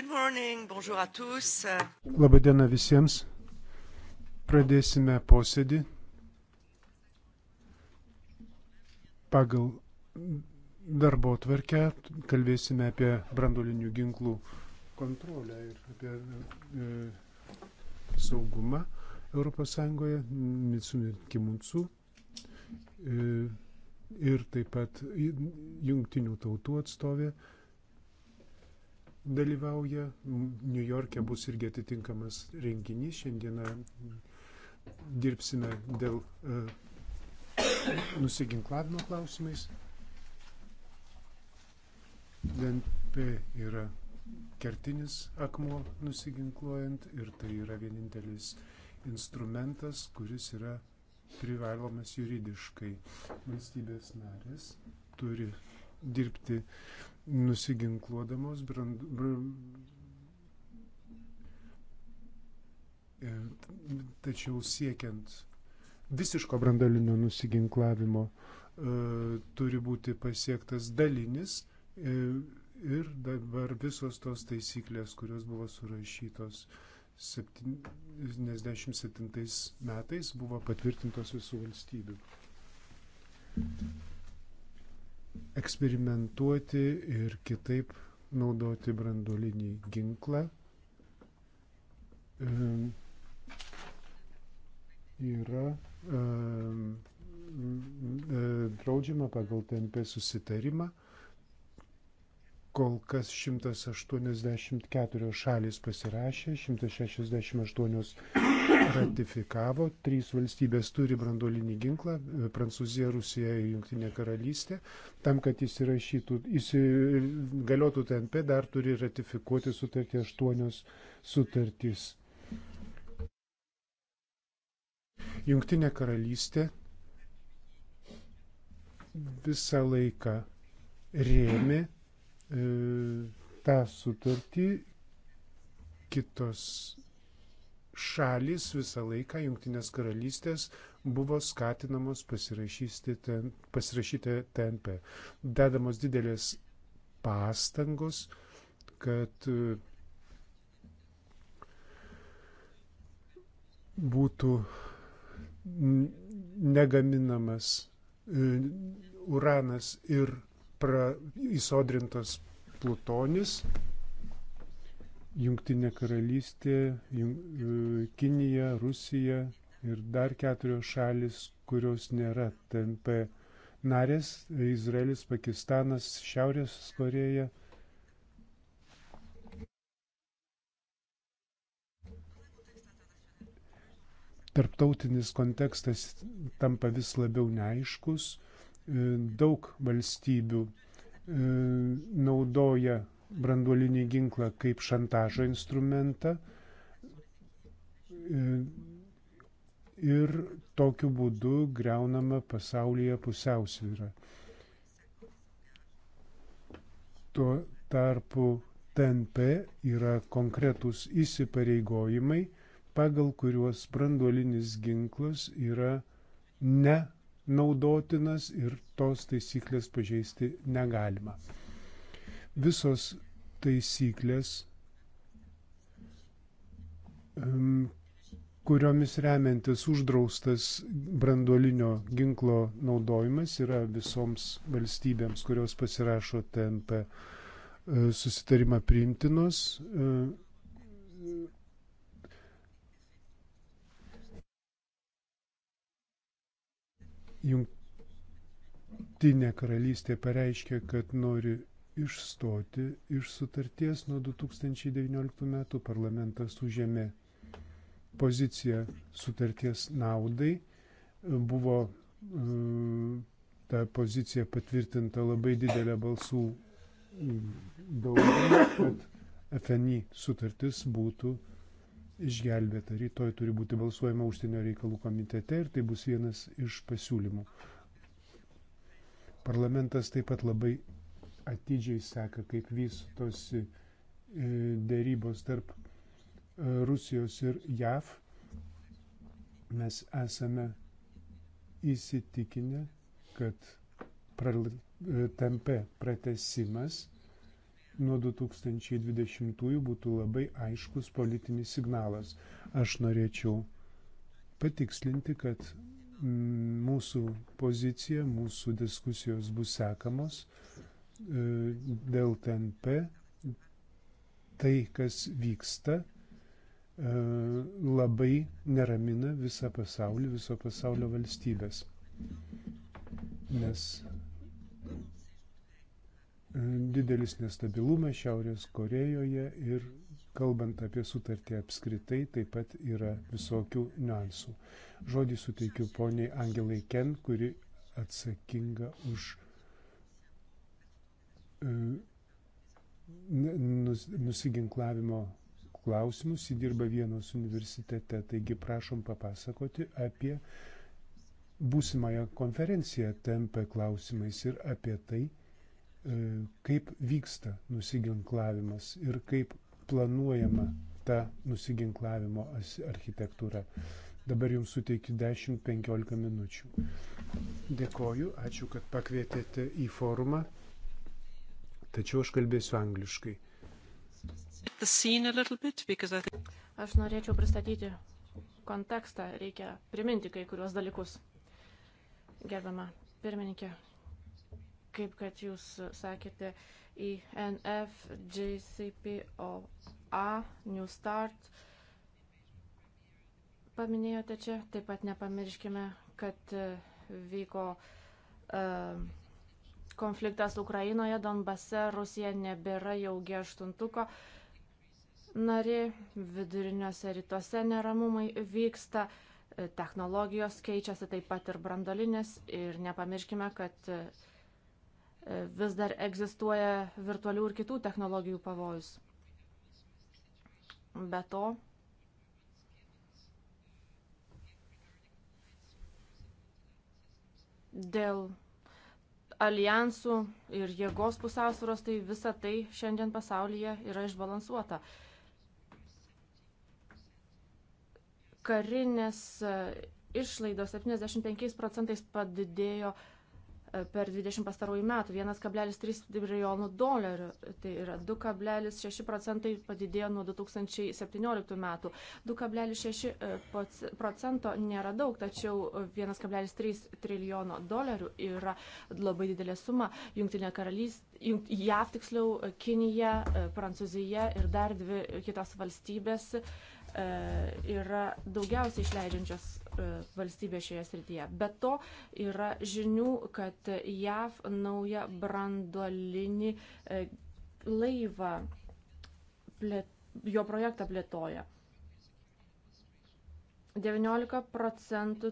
Good morning, bonjour à tous. Labadiena visiems. Pradėsime posėdį pagal darbo tvarkę. Kalbėsime apie brandolinių ginklų kontrolę ir apie e, saugumą ES. Mitsumi Kimuncu. E, ir taip pat jungtinių tautų atstovė. E, dalyvauja. New York'e bus irgi atitinkamas renginys. Šiandieną dirbsime dėl uh, nusiginklavimo klausimais. DNP yra kertinis akmuo nusiginkluojant ir tai yra vienintelis instrumentas, kuris yra privalomas juridiškai. Valstybės narės turi dirbti nusiginkluodamos brand, brand, tačiau siekiant visiško brandolinio nusiginklavimo e, turi būti pasiektas dalinis e, ir dabar visos tos taisyklės, kurios buvo surašytos 1977 metais, buvo patvirtintos visų valstybių eksperimentuoti ir kitaip naudoti branduolinį ginklą. E, yra e, draudžiama pagal tempę susitarimą. E, Kol kas 184 šalis pasirašė, 168 ratifikavo, 3 valstybės turi brandolinį ginklą e, - Prancūzija, Rusija ir Junktinė karalystė. Tam, kad įsirašytų, įsigaliotų TNP, dar turi ratifikuoti sutartį 8 sutartys. Junktinė karalystė visą laiką rėmė E, tą sutartį kitos šalis visą laiką, jungtinės karalystės, buvo skatinamos pasirašyti, ten, pasirašyti TNP. Dedamos didelės pastangos, kad e, būtų negaminamas e, uranas ir pra, įsodrintas plutonis, Jungtinė karalystė, jung, e, Kinija, Rusija ir dar keturios šalis, kurios nėra TNP narės - Izraelis, Pakistanas, Šiaurės Koreja. Tarptautinis kontekstas tampa vis labiau neaiškus E, daug valstybių e, naudoja branduolinį ginklą kaip šantažo instrumentą e, ir tokiu būdu greunama pasaulyje pusiausvyrą. Tuo tarpu TNP yra konkretūs įsipareigojimai, pagal kuriuos branduolinis ginklas yra ne naudotinas ir tos taisyklės pažeisti negalima. Visos taisyklės, kuriomis remiantis uždraustas branduolinio ginklo naudojimas yra visoms valstybėms, kurios pasirašo TNP e, susitarimą priimtinos e, Jungtinė karalystė pareiškė, kad nori išstoti iš sutarties nuo 2019 metų. Parlamentas užėmė poziciją sutarties naudai. Buvo e, ta pozicija patvirtinta labai didelė balsų e, dauguma, kad FNI sutartis būtų uh, išgelbėta. Rytoj turi būti balsuojama užsienio reikalų komitete ir tai bus vienas iš pasiūlymų. Parlamentas taip pat labai atidžiai seka, kaip vystosi e, dėrybos tarp e, Rusijos ir JAV. Mes esame įsitikinę, kad e, tempe pratesimas nuo 2020 būtų labai aiškus politinis signalas. Aš norėčiau patikslinti, kad mm, mūsų pozicija, mūsų diskusijos bus sekamos e, dėl TNP, tai, kas vyksta, e, labai neramina visą pasaulį, viso pasaulio valstybės. Nes didelis nestabilumas Šiaurės Korejoje ir kalbant apie sutartį apskritai taip pat yra visokių niuansų. Žodį suteikiu poniai Angelai Ken, kuri atsakinga už e, nusiginklavimo klausimus, ji dirba vienos universitete, taigi prašom papasakoti apie būsimąją konferenciją TMP klausimais ir apie tai, E, kaip vyksta nusiginklavimas ir kaip planuojama ta nusiginklavimo architektūra. Dabar jums suteikiu 10-15 minučių. Dėkoju, ačiū, kad pakvietėte į forumą, tačiau aš kalbėsiu angliškai. Bit, think... Aš norėčiau pristatyti kontekstą, reikia priminti kai kuriuos dalykus. Gerbiama pirmininkė, kaip kad jūs sakėte, į e NF, JCPOA, New Start. Paminėjote čia, taip pat nepamirškime, kad e, vyko uh, konfliktas Ukrainoje, Donbase, Rusija nebėra jau G8 nari, viduriniuose rytuose neramumai vyksta technologijos keičiasi taip pat ir brandolinės ir nepamirškime, kad vis dar egzistuoja virtualių ir kitų technologijų pavojus. Be to, dėl alijansų ir jėgos pusiausvėros, tai visa tai šiandien pasaulyje yra išbalansuota. Karinės išlaidos 75 procentais padidėjo E, per 20 pastarųjų metų 1,3 trilijonų dolerių, tai yra 2,6 procentai padidėjo nuo 2017 metų. 2,6 e, procento nėra daug, tačiau 1,3 trilijono dolerių yra labai didelė suma. Jungtinė karalystė, jungt, JAV tiksliau, Kinija, e, Prancūzija ir dar dvi kitos valstybės yra daugiausiai išleidžiančios E, valstybė šioje srityje. Be to yra žinių, kad JAV naują brandolinį e, laivą, plėt, jo projektą plėtoja. 19 procentų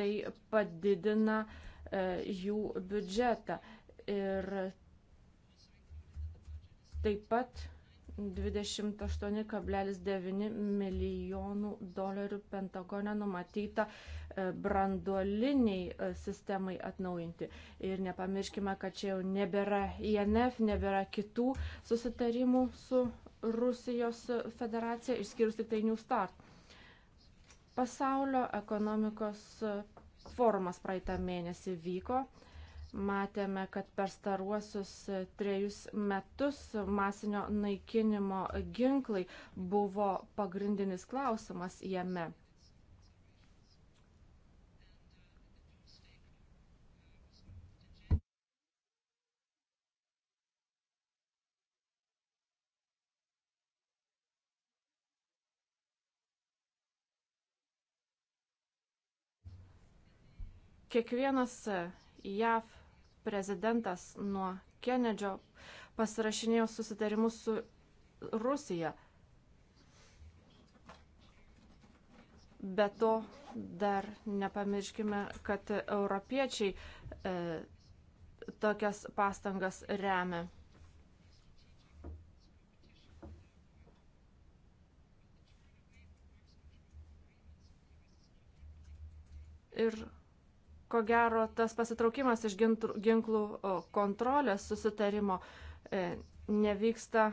tai padidina e, jų biudžetą. Ir taip pat 28,9 milijonų dolerių Pentagone numatyta e, branduoliniai e, sistemai atnaujinti. Ir nepamirškime, kad čia jau nebėra INF, nebėra kitų susitarimų su Rusijos federacija, išskyrus tik tai New Start. Pasaulio ekonomikos e, forumas praeitą mėnesį vyko Matėme, kad per staruosius trejus metus masinio naikinimo ginklai buvo pagrindinis klausimas jame. kiekvienas JAV prezidentas nuo Kenedžio pasirašinėjo susitarimus su Rusija. Be to dar nepamirškime, kad europiečiai e, tokias pastangas remia. Ir ko gero tas pasitraukimas iš ginklų kontrolės susitarimo e, nevyksta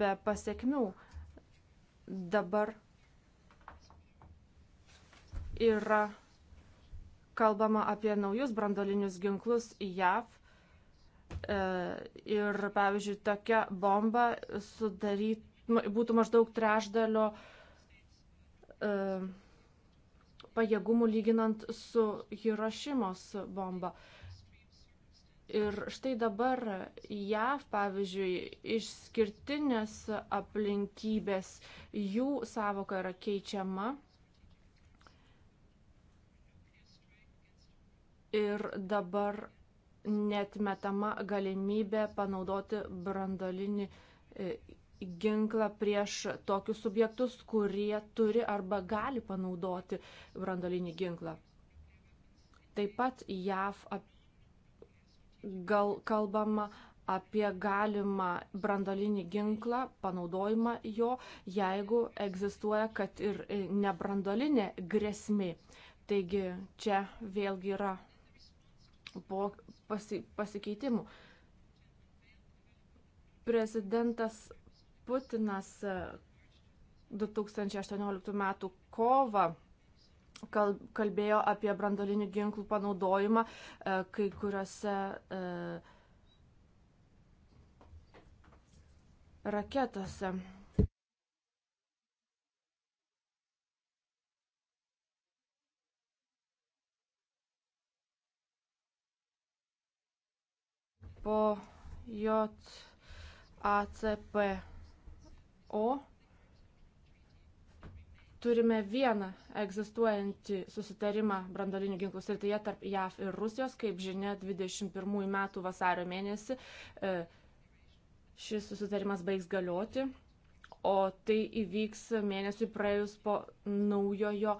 be pasiekmių. Dabar yra kalbama apie naujus brandolinius ginklus į JAV. E, ir, pavyzdžiui, tokia bomba sudaryt, būtų maždaug trešdalio uh, pajėgumų lyginant su Hirošimos bomba. Ir štai dabar JAV, pavyzdžiui, išskirtinės aplinkybės, jų savoka yra keičiama. Ir dabar netmetama galimybė panaudoti brandolinį e, ginklą prieš tokius subjektus, kurie turi arba gali panaudoti brandolinį ginklą. Taip pat JAV ap... gal kalbama apie galimą brandolinį ginklą, panaudojimą jo, jeigu egzistuoja, kad ir e, nebrandolinė grėsmė. Taigi čia vėlgi yra po pasi, pasikeitimų. Prezidentas Putinas 2018 e, m. kovą kalbėjo apie brandolinių ginklų panaudojimą e, kai kuriuose e, raketose. Po JACP o turime vieną egzistuojantį susitarimą brandolinių ginklų srityje tarp JAV ir Rusijos. Kaip žinia, 21 metų vasario mėnesį e, šis susitarimas baigs galioti, o tai įvyks mėnesiui praėjus po naujojo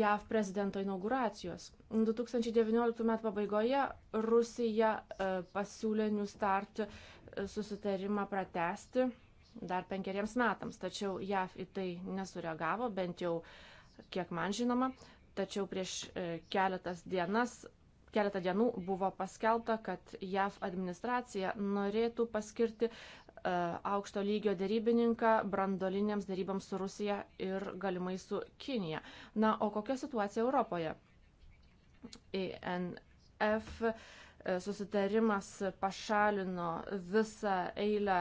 JAV prezidento inauguracijos. 2019 m. pabaigoje Rusija e, pasiūlė New START e, susitarimą pratesti dar penkeriems metams. Tačiau JAV į tai nesureagavo, bent jau kiek man žinoma. Tačiau prieš e, keletas dienas, keletą dienų buvo paskelbta, kad JAV administracija norėtų paskirti e, aukšto lygio dėrybininką brandoliniams dėrybams su Rusija ir galimai su Kinija. Na, o kokia situacija Europoje? INF e susitarimas pašalino visą eilę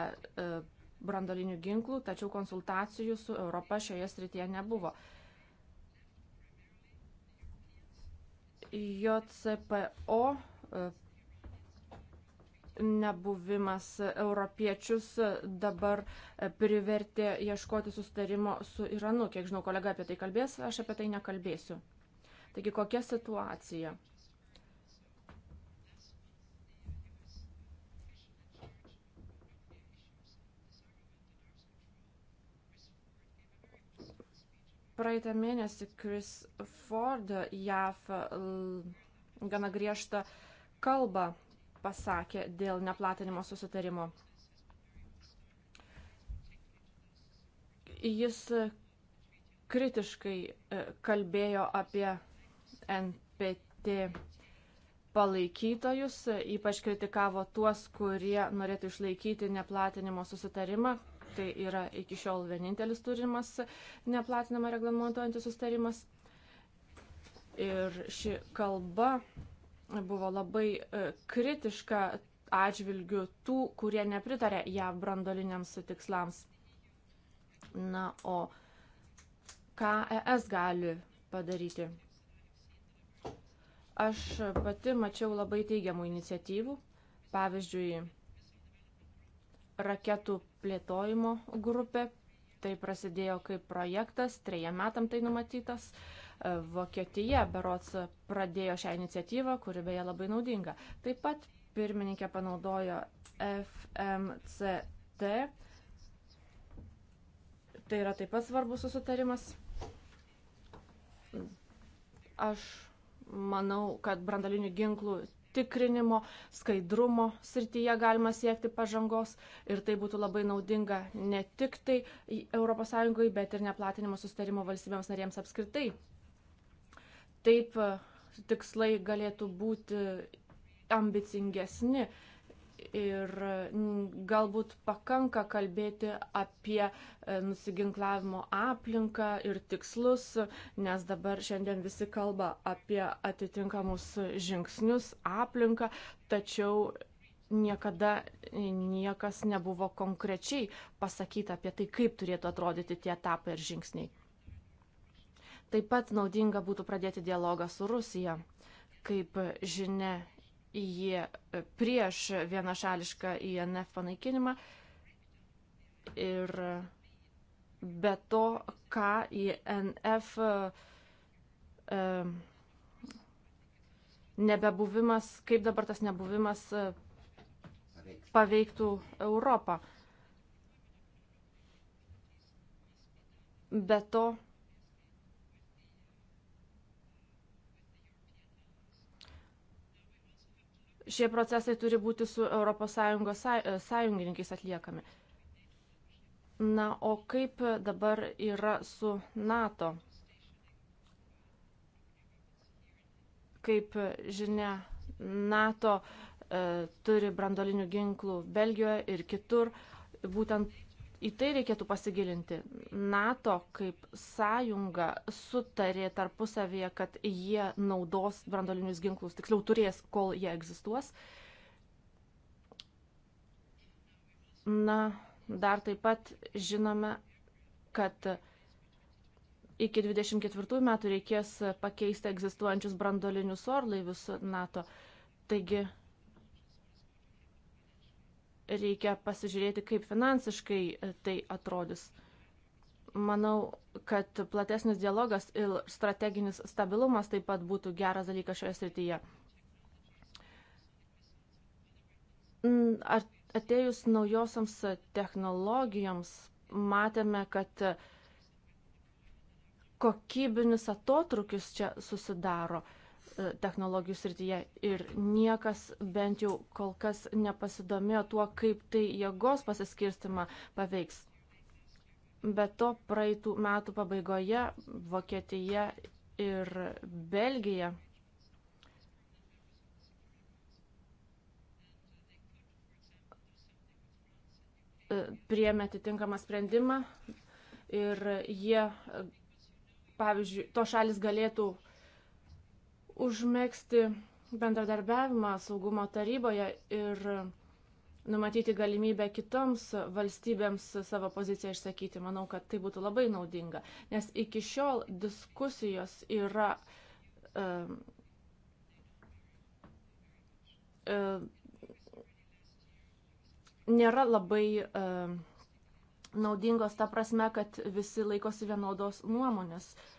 brandolinių ginklų, tačiau konsultacijų su Europa šioje srityje nebuvo. JCPO e, nebuvimas europiečius dabar e, privertė ieškoti sustarimo su Iranu. Kiek žinau, kolega apie tai kalbės, aš apie tai nekalbėsiu. Taigi kokia situacija? Praeitą mėnesį Chris Ford JAF gana griežtą kalbą pasakė dėl neplatinimo susitarimo. Jis kritiškai e, kalbėjo apie NPT palaikytojus, ypač kritikavo tuos, kurie norėtų išlaikyti neplatinimo susitarimą, tai yra iki šiol vienintelis turimas neplatinama reglamentuojantis sustarimas. Ir ši kalba buvo labai e, kritiška atžvilgių tų, kurie nepritarė ją brandoliniams tikslams. Na, o ką ES gali padaryti? Aš pati mačiau labai teigiamų iniciatyvų, pavyzdžiui, raketų plėtojimo grupė. Tai prasidėjo kaip projektas, treja metam tai numatytas. E, Vokietija berots pradėjo šią iniciatyvą, kuri beje labai naudinga. Taip pat pirmininkė panaudojo FMCT. Tai yra taip pat svarbus susitarimas. Aš manau, kad brandalinių ginklų tikrinimo, skaidrumo srityje galima siekti pažangos ir tai būtų labai naudinga ne tik tai ES, bet ir neplatinimo sustarimo valstybėms narėms apskritai. Taip tikslai galėtų būti ambicingesni Ir galbūt pakanka kalbėti apie e, nusiginklavimo aplinką ir tikslus, nes dabar šiandien visi kalba apie atitinkamus žingsnius, aplinką, tačiau niekada niekas nebuvo konkrečiai pasakyta apie tai, kaip turėtų atrodyti tie etapai ir žingsniai. Taip pat naudinga būtų pradėti dialogą su Rusija. Kaip žinia, jie e, prieš vienašališką INF panaikinimą ir e, be to, ką INF e, nebebuvimas, kaip dabar tas nebuvimas paveiktų Europą. Be to, Šie procesai turi būti su ES e, sąjungininkais atliekami. Na, o kaip dabar yra su NATO? Kaip žinia, NATO e, turi brandolinių ginklų Belgijoje ir kitur. Būtent Į tai reikėtų pasigilinti. NATO kaip sąjunga sutarė tarpusavėje, kad jie naudos brandolinius ginklus, tiksliau turės, kol jie egzistuos. Na, dar taip pat žinome, kad iki 24 metų reikės pakeisti egzistuojančius brandolinius orlaivius NATO. Taigi reikia pasižiūrėti, kaip finansiškai e, tai atrodys. Manau, kad platesnis dialogas ir strateginis stabilumas taip pat būtų geras dalykas šioje srityje. Ar atėjus naujosiams technologijoms matėme, kad kokybinis atotrukis čia susidaro. Uh, E, technologijų srityje ir niekas bent jau kol kas nepasidomėjo tuo, kaip tai jėgos pasiskirstimą paveiks. Be to, praeitų metų pabaigoje Vokietija ir Belgija e, priėmė atitinkamą sprendimą ir jie, pavyzdžiui, to šalis galėtų užmėgsti bendradarbiavimą saugumo taryboje ir numatyti galimybę kitoms valstybėms savo poziciją išsakyti. Manau, kad tai būtų labai naudinga, nes iki šiol diskusijos yra e, e, nėra labai e, naudingos ta prasme, kad visi laikosi vienodos nuomonės. E,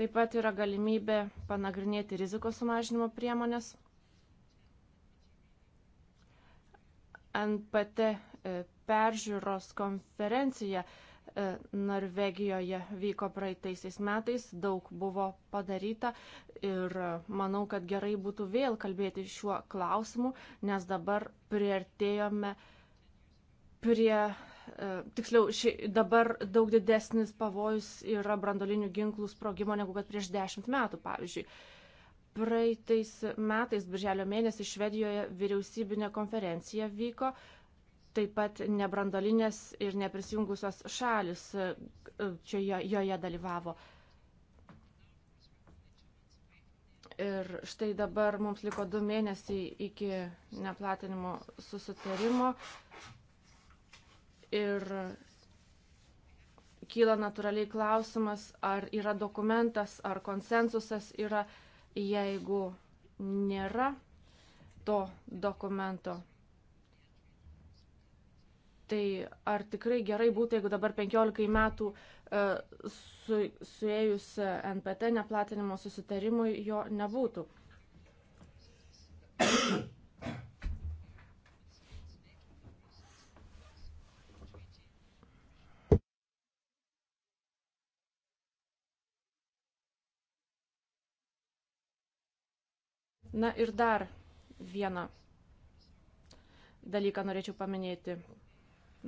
Taip pat yra galimybė panagrinėti rizikos sumažinimo priemonės. NPT e, peržiūros konferencija e, Norvegijoje vyko praeitaisiais metais, daug buvo padaryta ir e, manau, kad gerai būtų vėl kalbėti šiuo klausimu, nes dabar priartėjome prie E, tiksliau, ši, dabar daug didesnis pavojus yra brandolinių ginklų sprogimo negu kad prieš dešimt metų, pavyzdžiui. Praeitais metais, birželio mėnesį, Švedijoje vyriausybinė konferencija vyko, taip pat nebrandolinės ir neprisijungusios šalis e, čia joje dalyvavo. Ir štai dabar mums liko du mėnesiai iki neplatinimo susitarimo. Ir kyla natūraliai klausimas, ar yra dokumentas, ar konsensusas yra, jeigu nėra to dokumento. Tai ar tikrai gerai būtų, jeigu dabar 15 metų e, su, suėjus NPT neplatinimo susitarimui jo nebūtų? Na ir dar vieną dalyką norėčiau paminėti.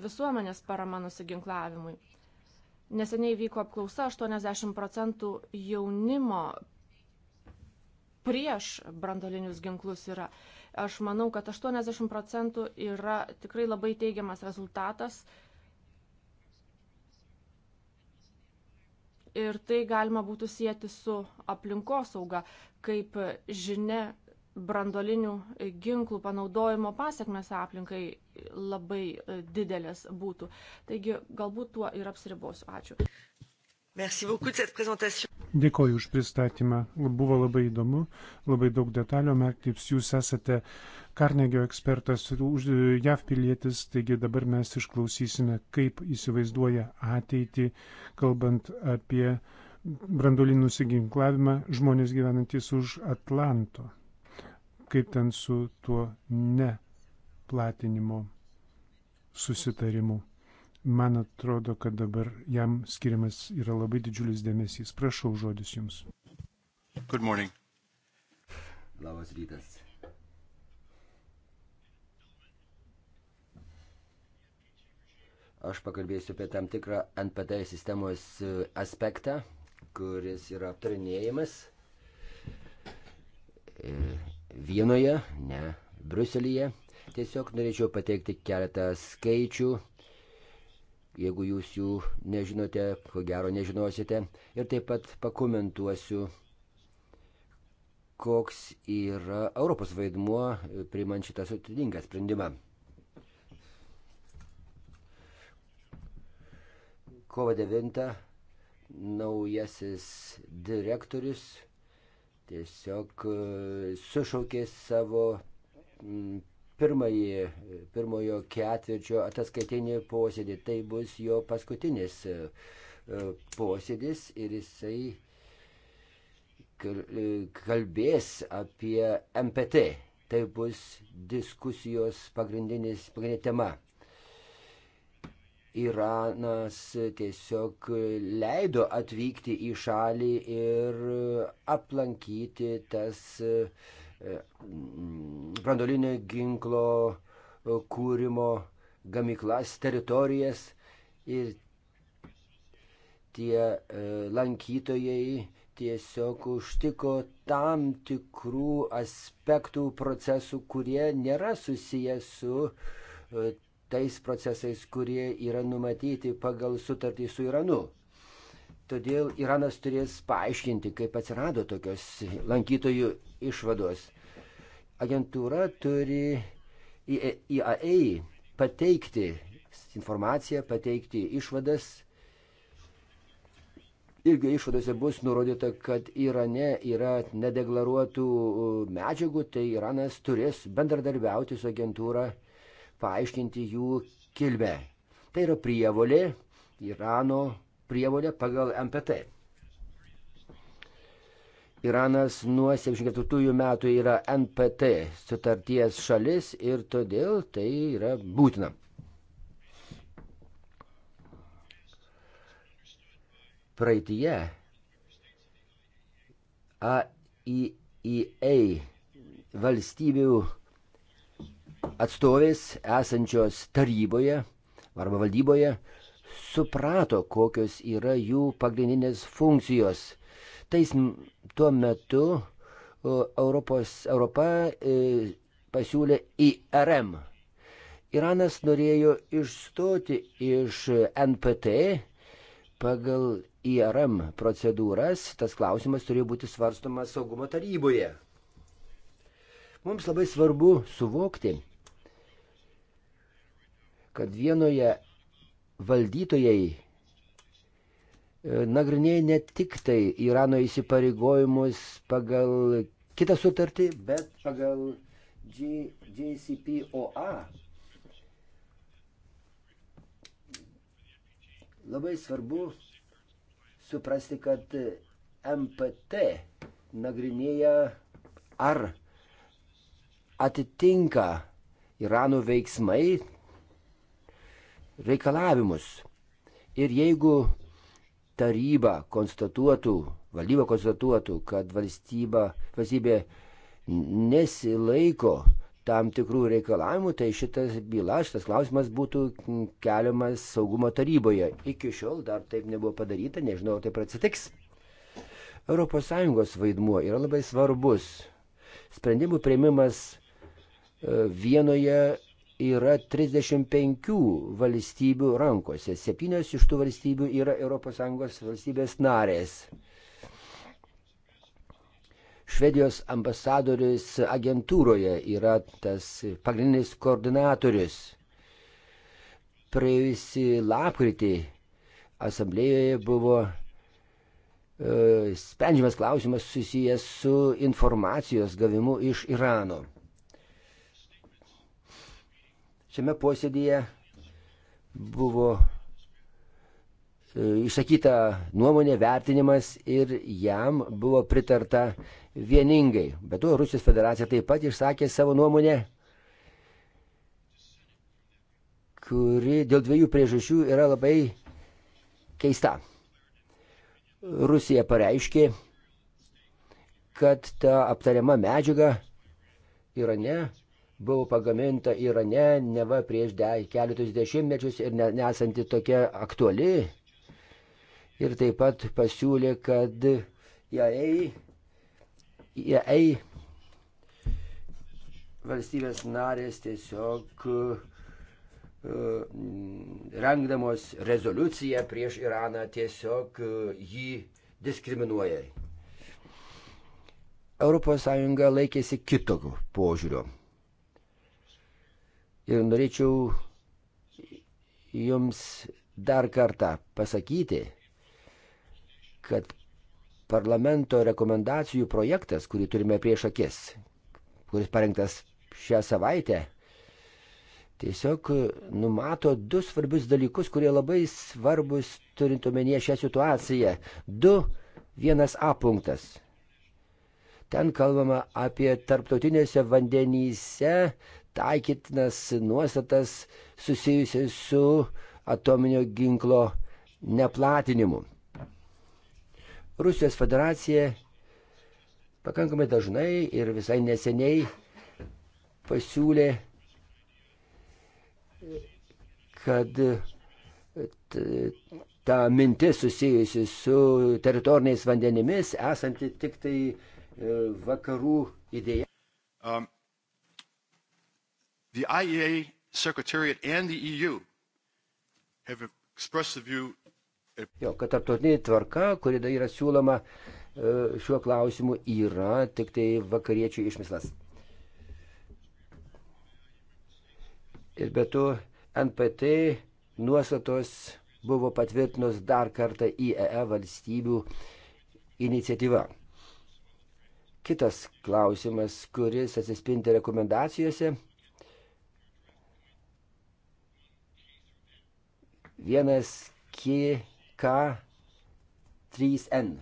Visuomenės parama nusiginklavimui. Neseniai vyko apklausa, 80 procentų jaunimo prieš brandolinius ginklus yra. Aš manau, kad 80 procentų yra tikrai labai teigiamas rezultatas ir tai galima būtų sieti su aplinkosauga, kaip žinia, brandolinių ginklų panaudojimo pasiekmes aplinkai labai didelės būtų. Taigi galbūt tuo ir apsiribosiu. Ačiū. Dėkoju už pristatymą. Buvo labai įdomu, labai daug detalių. Merktips, jūs esate Karnegio ekspertas ir JAV pilietis, taigi dabar mes išklausysime, kaip įsivaizduoja ateitį, kalbant apie brandolinį nusiginklavimą žmonės gyvenantis už Atlanto. Kaip ten su tuo neplatinimo susitarimu. Man atrodo, kad dabar jam skiriamas yra labai didžiulis dėmesys. Prašau žodis jums. Good morning. Labas rytas. Aš pakalbėsiu apie tam tikrą NPD sistemos e, aspektą, kuris yra aptarinėjimas e, Vienoje, ne Bruselėje. Tiesiog norėčiau pateikti keletą skaičių Jeigu jūs jų nežinote, ko gero nežinosite. Ir taip pat pakomentuosiu, koks yra Europos vaidmuo e, priimant šitą sudėtingą sprendimą. Kovo 9 naujasis direktorius tiesiog e, sušaukė savo pirmąjį, pirmojo ketvirčio ataskaitinį posėdį. Tai bus jo paskutinis e, posėdis ir jisai e, kalbės apie MPT. Tai bus diskusijos pagrindinis, pagrindinė tema. Iranas tiesiog leido atvykti į šalį ir aplankyti tas uh, E, brandolinio ginklo e, kūrimo gamyklas, teritorijas ir tie e, lankytojai tiesiog užtiko tam tikrų aspektų procesų, kurie nėra susiję su tais procesais, kurie yra numatyti pagal sutartį su Iranu. Todėl Iranas turės paaiškinti, kaip atsirado tokios lankytojų išvados. Agentūra turi IAE pateikti informaciją, pateikti išvadas. Irgi išvadose bus nurodyta, kad Irane yra nedeklaruotų medžiagų, tai Iranas turės bendradarbiauti su agentūra, paaiškinti jų kilmę. Tai yra prievolė Irano prievolę pagal MPT. Iranas nuo 74 metų yra NPT sutarties šalis ir todėl tai yra būtina. Praeitie AIEA valstybių atstovės esančios taryboje arba valdyboje suprato, kokios yra jų pagrindinės funkcijos. Tais tuo metu Europos, Europa e, pasiūlė IRM. Iranas norėjo išstoti iš NPT pagal IRM procedūras. Tas klausimas turėjo būti svarstomas saugumo taryboje. Mums labai svarbu suvokti, kad vienoje valdytojai e, nagrinėja ne tik tai Irano įsipareigojimus pagal kitą sutartį, bet pagal G JCPOA. Labai svarbu suprasti, kad MPT nagrinėja ar atitinka Irano veiksmai reikalavimus. Ir jeigu taryba konstatuotų, valdyba konstatuotų, kad valstyba, valstybė nesilaiko tam tikrų reikalavimų, tai šitas byla, šitas klausimas būtų keliamas saugumo taryboje. Iki šiol dar taip nebuvo padaryta, nežinau, tai atsitiks. ES vaidmuo yra labai svarbus. Sprendimų prieimimas e, vienoje yra 35 valstybių rankose. Septynios iš tų valstybių yra ES valstybės narės. Švedijos ambasadorius agentūroje yra tas pagrindinis koordinatorius. Praėjusi lapkritį asamblėjoje buvo e, sprendžiamas klausimas susijęs su informacijos gavimu iš Irano. Šiame posėdėje buvo e, išsakyta nuomonė, vertinimas ir jam buvo pritarta vieningai. Be to, Rusijos federacija taip pat išsakė savo nuomonę, kuri dėl dviejų priežasčių yra labai keista. Rusija pareiškė, kad ta aptariama medžiaga Irane buvo pagaminta Irane, neva prieš de, keletus dešimtmečius ir ne, nesanti tokia aktuali. Ir taip pat pasiūlė, kad jei, jei valstybės narės tiesiog uh, rengdamos rezoliuciją prieš Iraną tiesiog uh, jį diskriminuoja. ES laikėsi kitokio požiūrio. Ir norėčiau jums dar kartą pasakyti, kad parlamento rekomendacijų projektas, kurį turime prieš akis, kuris parengtas šią savaitę, tiesiog numato du svarbius dalykus, kurie labai svarbus turint omenyje šią situaciją. Du, vienas A punktas. Ten kalbama apie tarptautinėse vandenyse taikytinas nuostatas susijusias su atominio ginklo neplatinimu. Rusijos federacija pakankamai dažnai ir visai neseniai pasiūlė, kad ta mintis susijusi su teritoriniais vandenimis esanti tik tai e, vakarų idėja. Um. The IEA Secretariat and the EU have expressed the view. Jo, kad tarptautinė tvarka, kuri yra siūloma e, šiuo klausimu, yra tik tai vakariečių išmislas. Ir be to, NPT nuostatos buvo patvirtinus dar kartą IEE e valstybių iniciatyva. Kitas klausimas, kuris atsispinti rekomendacijose 1KK3N.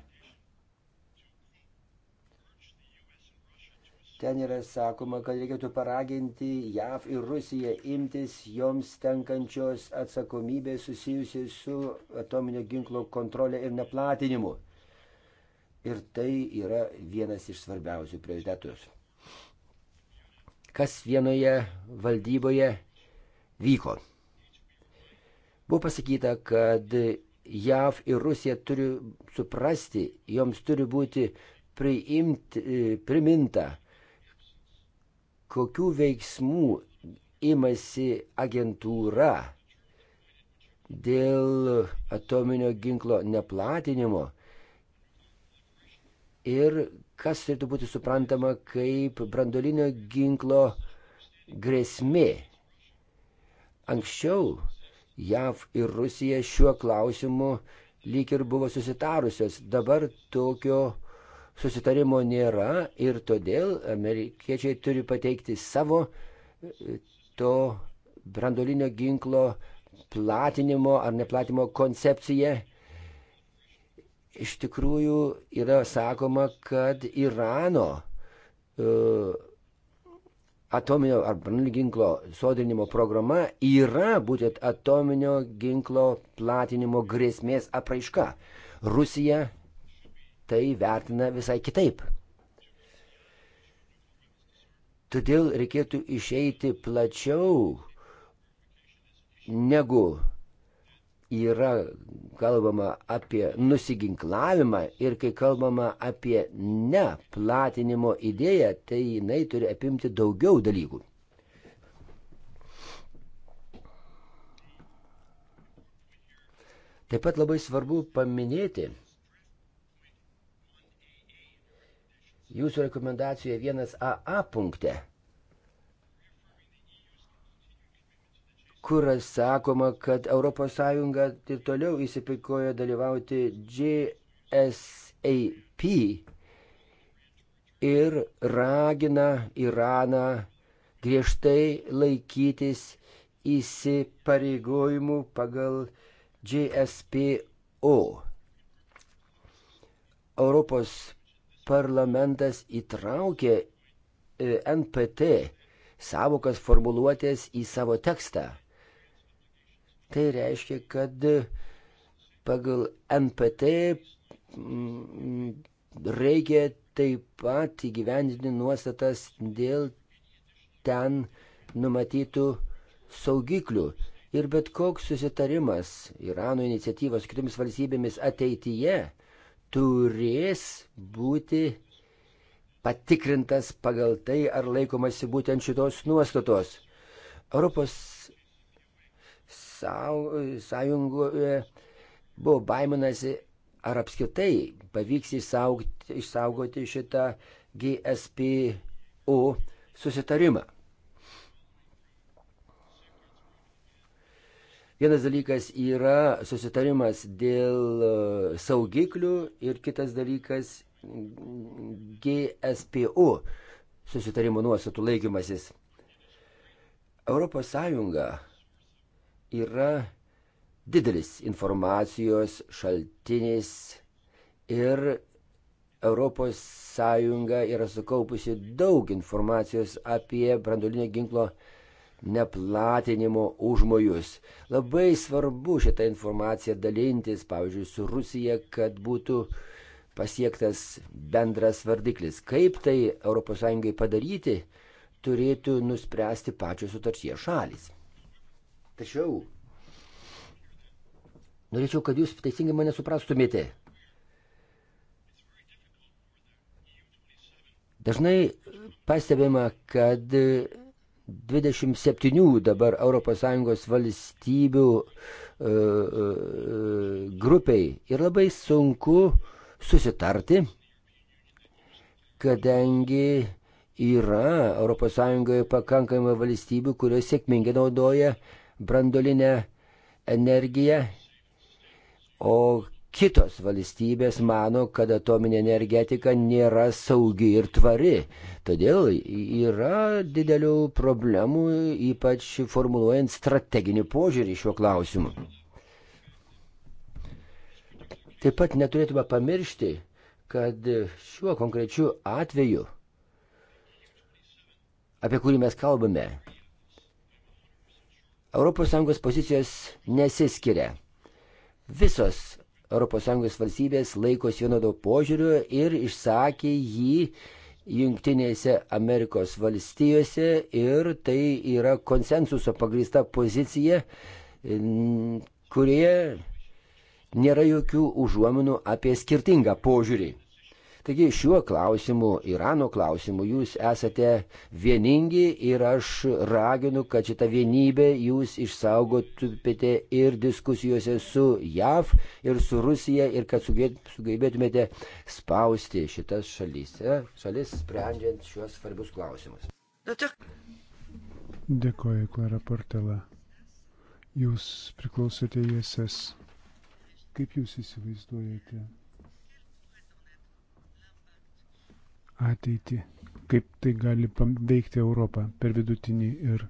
Ten yra sakoma, kad reikėtų paraginti JAV ir Rusiją imtis joms tenkančios atsakomybės susijusiai su atominio ginklo kontrolė ir neplatinimu. Ir tai yra vienas iš svarbiausių prioritetus. Kas vienoje valdyboje vyko? Buvo pasakyta, kad JAV ir Rusija turi suprasti, joms turi būti priimti, e, priminta, kokių veiksmų imasi agentūra dėl atominio ginklo neplatinimo ir kas turėtų būti suprantama kaip brandolinio ginklo grėsmė. Anksčiau JAV ir Rusija šiuo klausimu lyg ir buvo susitarusios. Dabar tokio susitarimo nėra ir todėl amerikiečiai turi pateikti savo e, to brandolinio ginklo platinimo ar neplatinimo koncepciją. Iš tikrųjų yra sakoma, kad Irano uh, atominio ar branduolinio ginklo sodrinimo programa yra būtent atominio ginklo platinimo grėsmės apraiška. Rusija tai vertina visai kitaip. Todėl reikėtų išeiti plačiau negu yra kalbama apie nusiginklavimą ir kai kalbama apie neplatinimo idėją, tai jinai turi apimti daugiau dalykų. Taip pat labai svarbu paminėti jūsų rekomendacijoje 1AA punkte – kur sakoma, kad ES ir toliau įsipikojo dalyvauti GSAP ir ragina Iraną griežtai laikytis įsipareigojimų pagal GSPO. Europos parlamentas įtraukė e, NPT savokas formuluotės į savo tekstą. Tai reiškia, kad pagal NPT mm, reikia taip pat įgyvendinti nuostatas dėl ten numatytų saugiklių. Ir bet koks susitarimas Irano iniciatyvos kitomis valstybėmis ateityje turės būti patikrintas pagal tai, ar laikomasi būtent šitos nuostatos. Europos sąjungoje buvo baiminasi, ar apskritai pavyks išsaugoti, išsaugoti šitą GSPO susitarimą. Vienas dalykas yra susitarimas dėl e, saugiklių ir kitas dalykas GSPO susitarimo nuostatų laikymasis. ES yra didelis informacijos šaltinis ir ES yra sukaupusi daug informacijos apie branduolinio ginklo neplatinimo užmojus. Labai svarbu šitą informaciją dalintis, pavyzdžiui, su Rusija, kad būtų pasiektas bendras vardiklis. Kaip tai ES padaryti, turėtų nuspręsti pačios sutarties šalis. Tačiau norėčiau, kad jūs teisingai mane suprastumėte. Dažnai pastebima, kad 27 dabar ES valstybių e, e, grupiai ir labai sunku susitarti, kadangi yra ES pakankamai valstybių, kurios sėkmingai naudoja brandolinę energiją, o kitos valstybės mano, kad atominė energetika nėra saugi ir tvari. Todėl yra didelių problemų, ypač formuluojant strateginį požiūrį šiuo klausimu. Taip pat neturėtume pamiršti, kad šiuo konkrečiu atveju, apie kurį mes kalbame, ES pozicijos nesiskiria. Visos ES valstybės laikosi vienodo požiūrio ir išsakė jį Junktinėse Amerikos valstijose ir tai yra konsensuso pagrįsta pozicija, kurie nėra jokių užuominų apie skirtingą požiūrį. Taigi šiuo klausimu, Irano klausimu, jūs esate vieningi ir aš raginu, kad šitą vienybę jūs išsaugotumėte ir diskusijose su JAV ir su Rusija ir kad sugebėtumėte spausti šitas šalis, e, šalis sprendžiant šiuos svarbius klausimus. Dėkoju, Klara Portela. Jūs priklausote ISS. Kaip jūs įsivaizduojate? ateitį, kaip tai gali paveikti Europą per vidutinį ir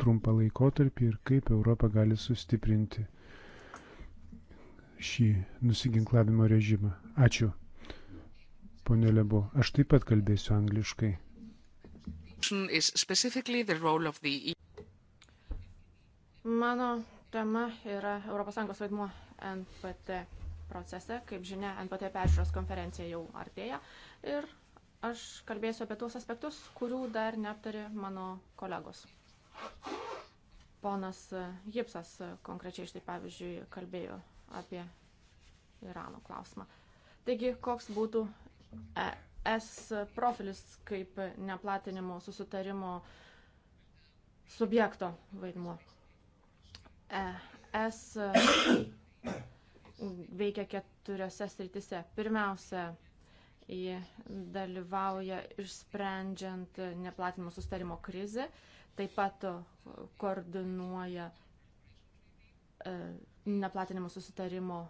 trumpą laikotarpį ir kaip Europą gali sustiprinti šį nusiginklavimo režimą. Ačiū. Pone Lebo, aš taip pat kalbėsiu angliškai. E Mano tema yra ES vaidmuo NPT procese. Kaip žinia, NPT peržiūros konferencija jau artėja ir Aš kalbėsiu apie tuos aspektus, kurių dar neaptarė mano kolegos. Ponas Jipsas konkrečiai štai pavyzdžiui kalbėjo apie Irano klausimą. Taigi, koks būtų ES profilis kaip neplatinimo susitarimo subjekto vaidmuo? ES veikia keturiose sritise. Pirmiausia, Ji dalyvauja išsprendžiant neplatinimo sustarimo krizę, taip pat koordinuoja e, neplatinimo susitarimo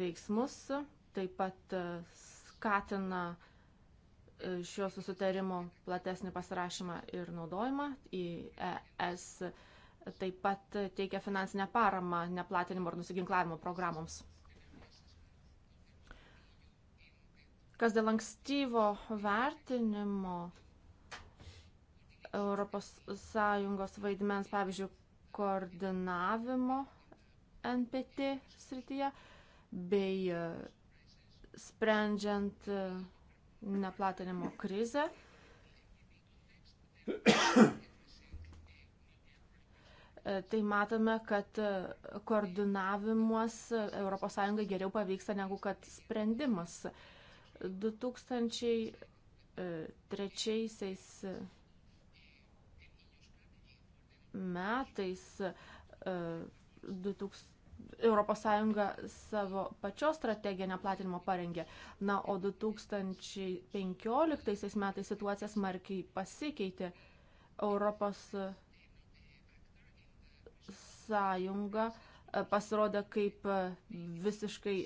veiksmus, taip pat e, skatina e, šio susitarimo platesnį pasirašymą ir naudojimą. Į ES taip pat teikia finansinę paramą neplatinimo ar nusiginklavimo programoms. Kas dėl ankstyvo vertinimo ES vaidmens, pavyzdžiui, koordinavimo NPT srityje bei e, sprendžiant e, neplatinimo krizę. E, tai matome, kad koordinavimas ES geriau pavyksta negu kad sprendimas. 2003 e, e, metais 2000 e, ES savo pačios strategiją neplatinimo parengė. Na, o 2015 metais situacija smarkiai pasikeitė. Europos sąjunga pasirodė kaip visiškai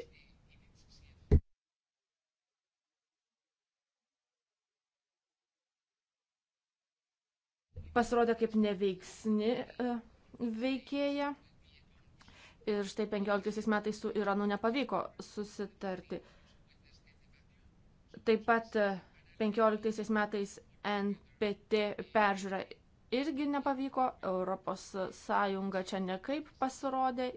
pasirodė kaip neveiksni e, veikėja. Ir štai 15 metais su Iranu nepavyko susitarti. Taip pat 15 e, metais NPT peržiūra irgi nepavyko, Europos Sąjunga čia nekaip pasirodė.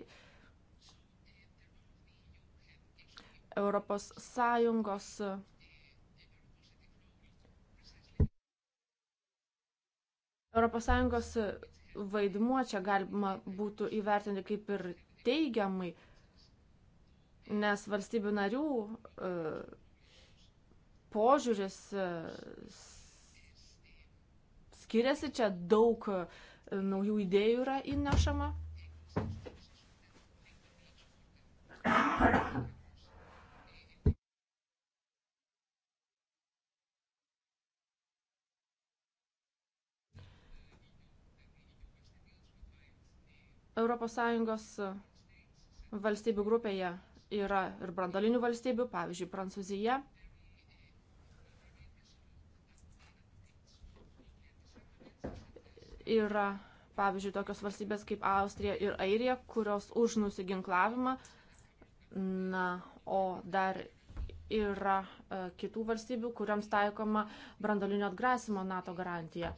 Europos Sąjungos ES vaidmuo čia galima būtų įvertinti kaip ir teigiamai, nes valstybių narių e, požiūris e, skiriasi, čia daug e, naujų idėjų yra įnešama. ES e, valstybių grupėje yra ir brandolinių valstybių, pavyzdžiui, Prancūzija. Yra, pavyzdžiui, tokios valstybės kaip Austrija ir Airija, kurios už nusiginklavimą, na, o dar yra e, kitų valstybių, kuriams taikoma brandolinio atgrasimo NATO garantija.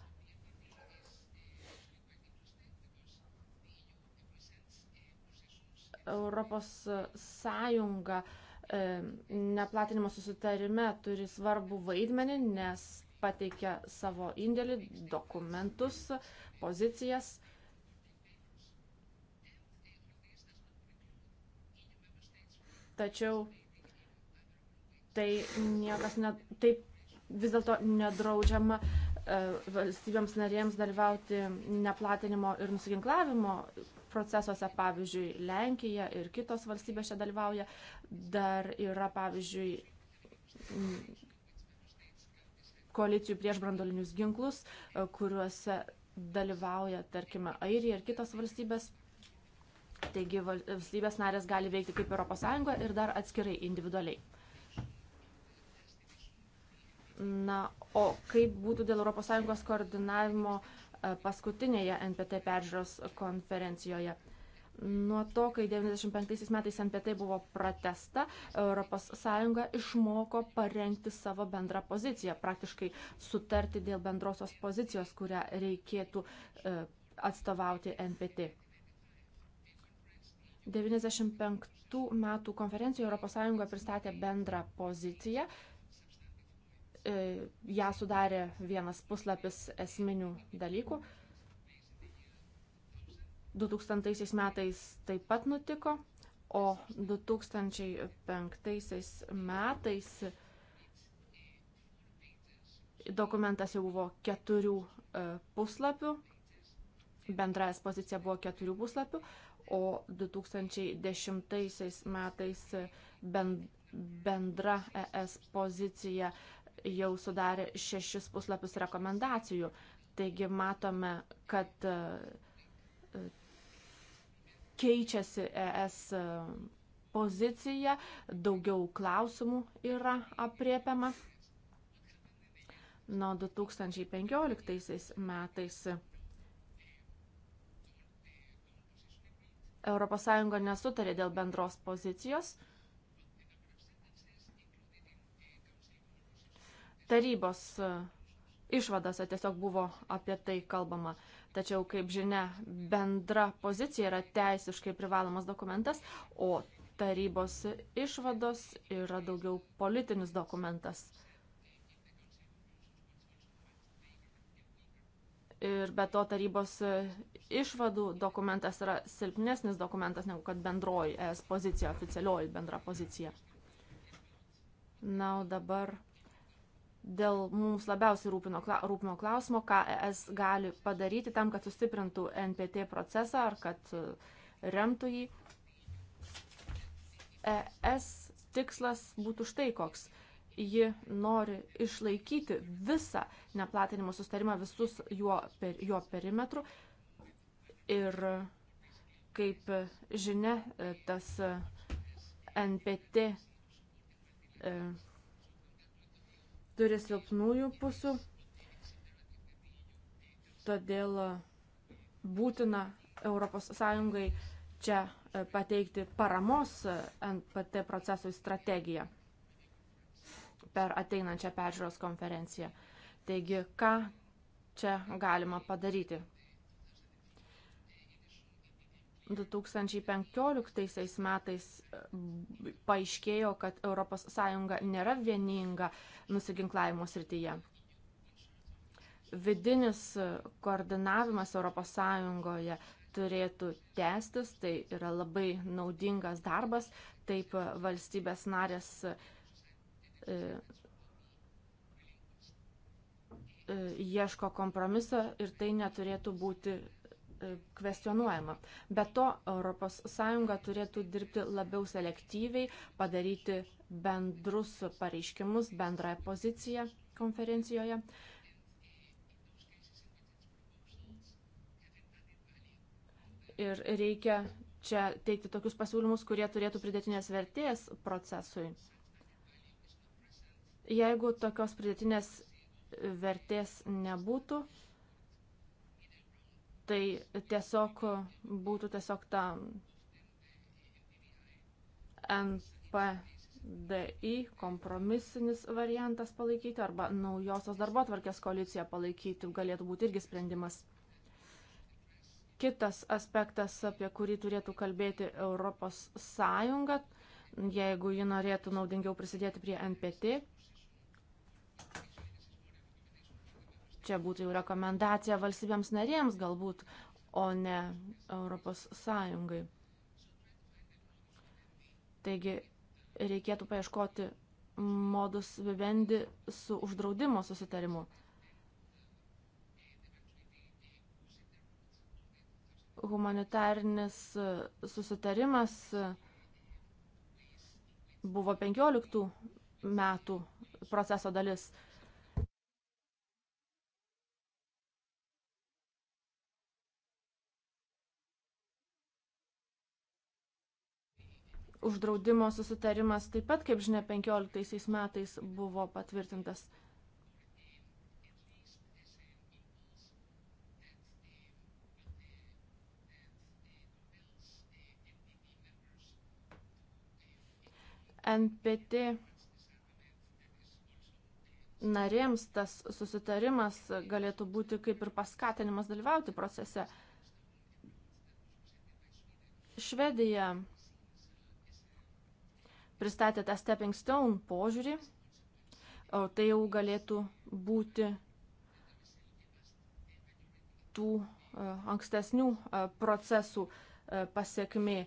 ES e, neplatinimo susitarime turi svarbų vaidmenį, nes pateikia savo indėlį, dokumentus, pozicijas. Tačiau tai niekas net, taip vis dėlto nedraudžiama e, valstybėms narėms dalyvauti neplatinimo ir nusiginklavimo procesuose, pavyzdžiui, Lenkija ir kitos valstybės čia dalyvauja, dar yra, pavyzdžiui, mm, koalicijų prieš brandolinius ginklus, e, kuriuose dalyvauja, tarkime, Airija ir kitos valstybės. Taigi valstybės narės gali veikti kaip ES ir dar atskirai individualiai. Na, o kaip būtų dėl ES koordinavimo paskutinėje NPT peržiūros konferencijoje. Nuo to, kai 1995 metais NPT buvo pratesta, ES išmoko parengti savo bendrą poziciją, praktiškai sutarti dėl bendrosios pozicijos, kurią reikėtų e, atstovauti NPT. 1995 metų konferencijoje ES pristatė bendrą poziciją E, ją sudarė vienas puslapis esminių dalykų. 2000 metais taip pat nutiko, o 2005 metais dokumentas jau buvo keturių e, puslapių, bendras pozicija buvo keturių puslapių, o 2010 metais bendra ES pozicija jau sudarė šešis puslapius rekomendacijų. Taigi matome, kad e, keičiasi ES e, pozicija, daugiau klausimų yra apriepiama. Nuo 2015 metais ES nesutarė dėl bendros pozicijos. tarybos e, išvadose tiesiog buvo apie tai kalbama. Tačiau, kaip žinia, bendra pozicija yra teisiškai privalomas dokumentas, o tarybos išvados yra daugiau politinis dokumentas. Ir be to tarybos e, išvadų dokumentas yra silpnesnis dokumentas negu kad bendroji es pozicija, oficialioji bendra pozicija. Na, o dabar dėl mums labiausiai rūpino, rūpino klausimo, ką ES gali padaryti tam, kad sustiprintų NPT procesą ar kad e, remtų jį. ES tikslas būtų štai koks. Ji nori išlaikyti visą neplatinimo sustarimą visus jo, per, jo perimetru. Ir kaip žinia, e, tas NPT e, turi silpnųjų pusių, todėl būtina ES čia e, pateikti paramos e, NPT procesui strategiją per ateinančią peržiūros konferenciją. Taigi, ką čia galima padaryti, 2015 metais e, paaiškėjo, kad ES nėra vieninga nusiginklavimo srityje. Vidinis e, koordinavimas ES turėtų tęstis, tai yra labai naudingas darbas, taip e, valstybės narės ieško kompromiso ir tai neturėtų būti E, kvestionuojama. Be to, ES turėtų dirbti labiau selektyviai, padaryti bendrus pareiškimus, bendrąją poziciją konferencijoje. Ir reikia čia teikti tokius pasiūlymus, kurie turėtų pridėtinės vertės procesui. Jeigu tokios pridėtinės vertės nebūtų, Tai tiesiog būtų tiesiog ta NPDI kompromisinis variantas palaikyti arba naujosios darbo tvarkės koaliciją palaikyti galėtų būti irgi sprendimas. Kitas aspektas, apie kurį turėtų kalbėti Europos Sąjunga, jeigu ji norėtų naudingiau prisidėti prie NPT, Čia būtų jau rekomendacija valstybėms narėms galbūt, o ne Europos Sąjungai. Taigi reikėtų paieškoti modus vivendi su uždraudimo susitarimu. Humanitarnis susitarimas buvo 15 metų proceso dalis. uždraudimo susitarimas taip pat, kaip žinia, 15 metais buvo patvirtintas. NPT narėms tas susitarimas galėtų būti kaip ir paskatinimas dalyvauti procese. Švedija pristatė tą stepping stone požiūrį, o tai jau galėtų būti tų e, ankstesnių e, procesų e, pasiekmi.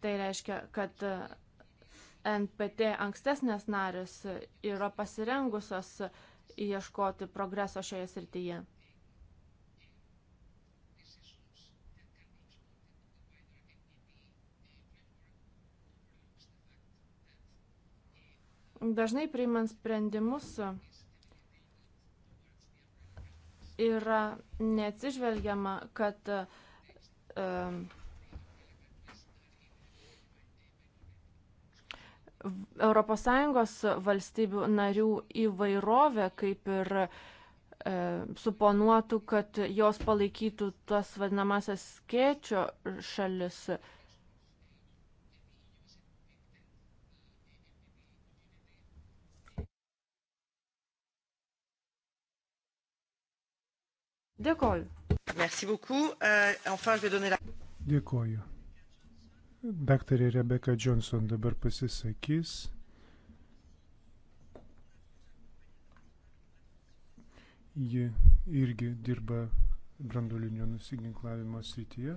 Tai reiškia, kad NPT ankstesnės narės yra pasirengusios ieškoti progreso šioje srityje. Dažnai priimant sprendimus yra neatsižvelgiama, kad um, ES valstybių narių įvairovė kaip ir e, suponuotų, kad jos palaikytų tuos vadinamasias skėčio šalis. E, Dėkoju. Merci beaucoup. Uh, enfin, je vais donner la... Dėkoju. Daktarė Rebeka Johnson dabar pasisakys. Ji irgi dirba branduolinio nusiginklavimo srityje.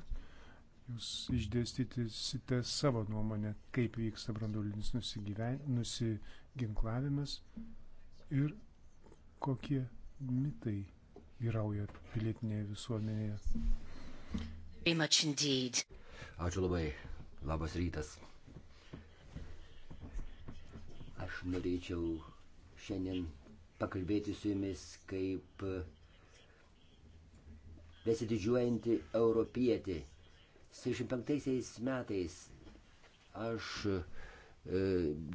Jūs išdėstysite savo nuomonę, kaip vyksta branduolinis nusiginklavimas ir kokie mitai vyrauja pilietinėje visuomenėje. Ačiū labai. Labas rytas. Aš norėčiau šiandien pakalbėti su jumis kaip besididžiuojanti europietė. 75 metais aš e,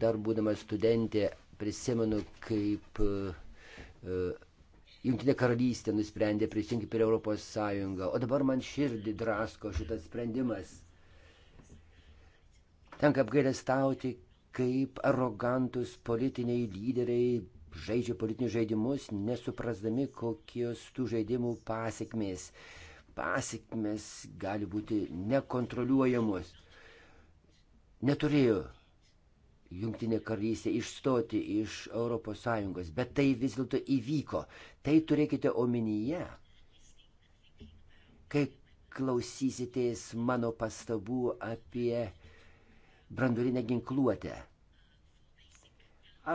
dar būdamas studentė prisimenu, kaip e, Junktinė karalystė nusprendė prisijungti prie Europos Sąjungą, o dabar man širdį drasko šitas sprendimas. Tenka apgailestauti, kaip arogantus politiniai lyderiai žaidžia politinius žaidimus, nesuprasdami, kokios tų žaidimų pasiekmės. Pasiekmes gali būti nekontroliuojamos. Neturėjo Junktinė karalystė išstoti iš ES, bet tai vis dėlto įvyko. Tai turėkite omenyje, kai klausysitės mano pastabų apie branduolinę ginkluotę.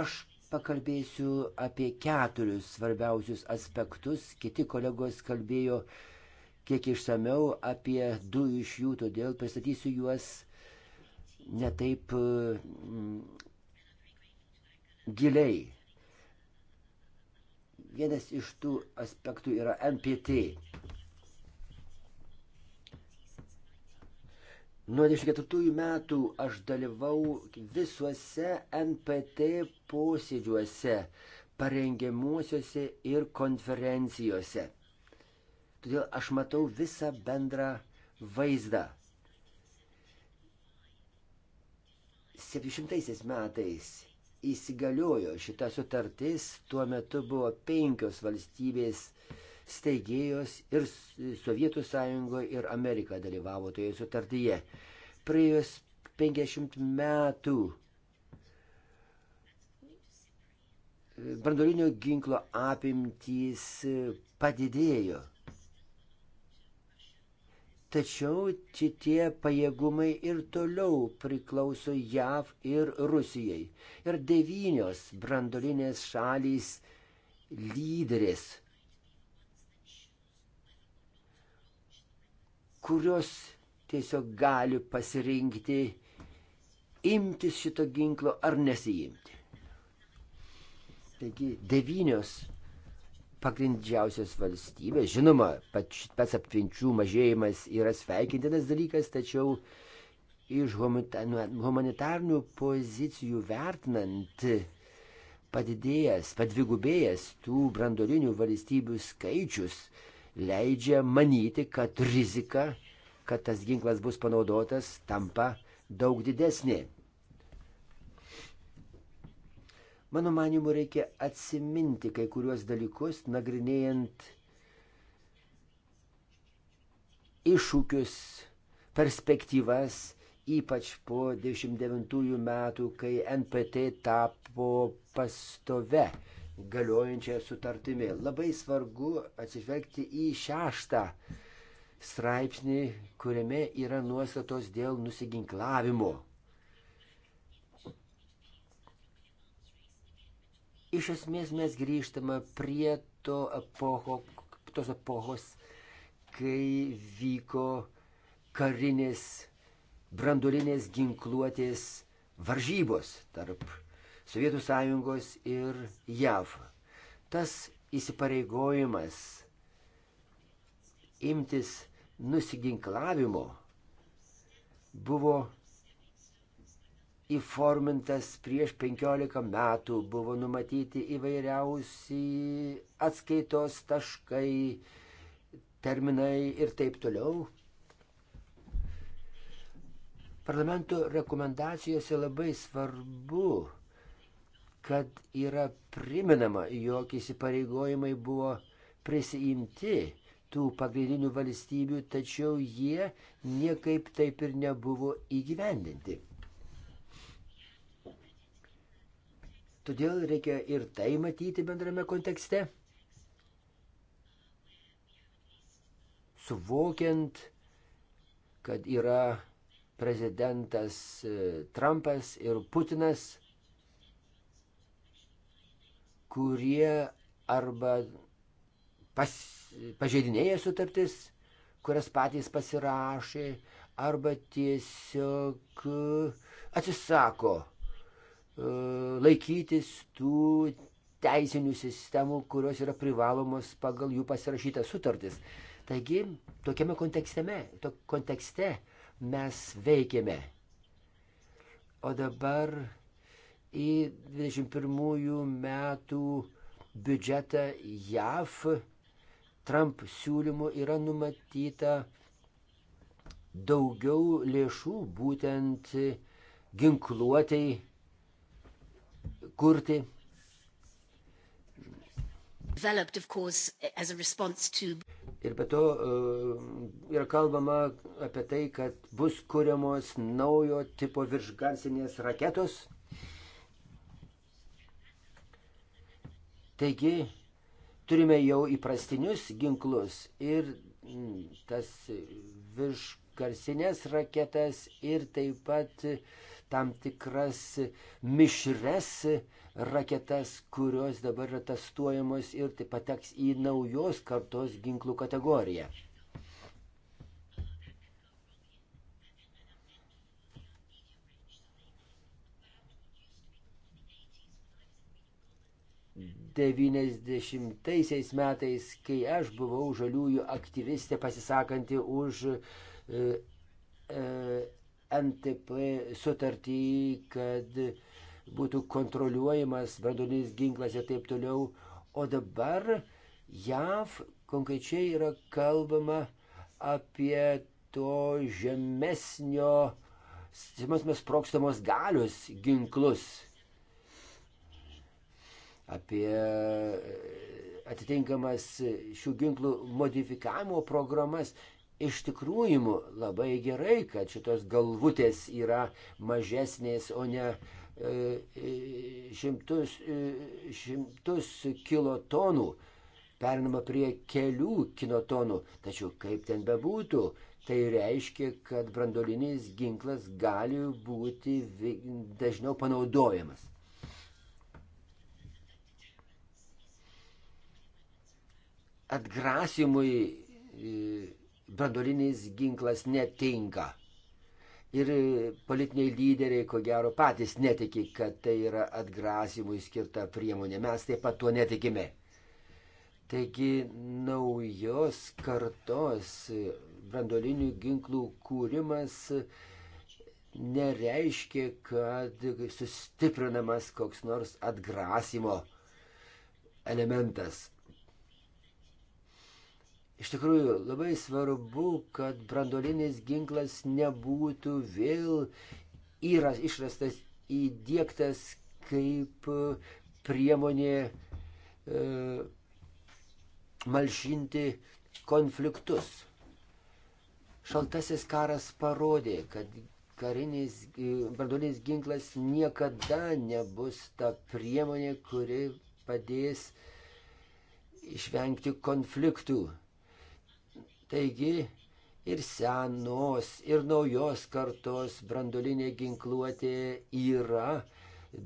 Aš pakalbėsiu apie keturius svarbiausius aspektus, kiti kolegos kalbėjo kiek išsameu apie du iš jų, todėl pristatysiu juos netaip e, mm, giliai. Vienas iš tų aspektų yra NPT. Nuo 24 metų aš dalyvau visuose NPT posėdžiuose, parengiamuosiuose ir konferencijose. Todėl aš matau visą bendrą vaizdą. 700 metais įsigaliojo šita sutartis, tuo metu buvo penkios valstybės steigėjos ir Sovietų sąjungoje ir Amerika dalyvavo toje sutartyje. Praėjus 50 metų brandolinio ginklo apimtys padidėjo. Tačiau šitie pajėgumai ir toliau priklauso JAV ir Rusijai. Ir devynios brandolinės šalys lyderės, kurios tiesiog gali pasirinkti imtis šito ginklo ar nesijimti. Taigi devynios pagrindžiausios valstybės. Žinoma, pats apvinčių mažėjimas yra sveikintinas dalykas, tačiau iš humanitarnių pozicijų vertinant padidėjęs, padvigubėjęs tų brandolinių valstybių skaičius leidžia manyti, kad rizika, kad tas ginklas bus panaudotas, tampa daug didesnė. Mano manimu, reikia atsiminti kai kuriuos dalykus, nagrinėjant iššūkius, perspektyvas, ypač po 99 metų, kai NPT tapo pastove galiojančią sutartimį. Labai svarbu atsižvelgti į šeštą straipsnį, kuriame yra nuostatos dėl nusiginklavimo iš esmės mes grįžtame prie to epocho, tos epochos, kai vyko karinės, brandulinės ginkluotės varžybos tarp Sovietų sąjungos ir JAV. Tas įsipareigojimas imtis nusiginklavimo buvo įformintas prieš 15 metų, buvo numatyti įvairiausi atskaitos taškai, terminai ir taip toliau. Parlamento rekomendacijose labai svarbu, kad yra priminama, jog įsipareigojimai buvo prisijimti tų pagrindinių valstybių, tačiau jie niekaip taip ir nebuvo įgyvendinti. Todėl reikia ir tai matyti bendrame kontekste. Suvokiant, kad yra prezidentas e, Trumpas ir Putinas, kurie arba pas, pažeidinėja sutartis, kurias patys pasirašė, arba tiesiog e, atsisako E, laikytis tų teisinių sistemų, kurios yra privalomos pagal jų pasirašytas sutartis. Taigi, tokiame konteksteme, to kontekste mes veikiame. O dabar į 21 metų biudžetą JAV Trump siūlymu yra numatyta daugiau lėšų būtent ginkluotėjai kurti. Ir be to e, yra kalbama apie tai, kad bus kuriamos naujo tipo viršgansinės raketos. Taigi turime jau įprastinius ginklus ir tas viršgarsinės raketas ir taip pat uh, tam tikras mišres raketas, kurios dabar yra testuojamos ir tai pateks į naujos kartos ginklų kategoriją. Devyniasdešimtaisiais metais, kai aš buvau žaliųjų aktyvistė pasisakanti už e, e, NTP sutartį, kad būtų kontroliuojamas branduolinis ginklas ir taip toliau. O dabar JAV konkrečiai yra kalbama apie to žemesnio, žemesnės prokstamos galios ginklus. Apie e, atitinkamas šių ginklų modifikavimo programas. Iš tikrųjų labai gerai, kad šitos galvutės yra mažesnės, o ne e, e, šimtus, e, šimtus kilotonų, perinama prie kelių kilotonų. Tačiau kaip ten bebūtų, tai reiškia, kad brandolinis ginklas gali būti dažniau panaudojamas. Atgrasimui branduolinis ginklas netinka. Ir politiniai lyderiai, ko gero, patys netiki, kad tai yra atgrasimui skirta priemonė. Mes taip pat tuo netikime. Taigi naujos kartos brandolinių ginklų kūrimas nereiškia, kad sustiprinamas koks nors atgrasimo elementas. Iš tikrųjų, labai svarbu, kad brandolinis ginklas nebūtų vėl įras, išrastas, įdėktas kaip priemonė e, malšinti konfliktus. Šaltasis karas parodė, kad karinis e, brandolinis ginklas niekada nebus ta priemonė, kuri padės išvengti konfliktų. Taigi ir senos, ir naujos kartos brandolinė ginkluotė yra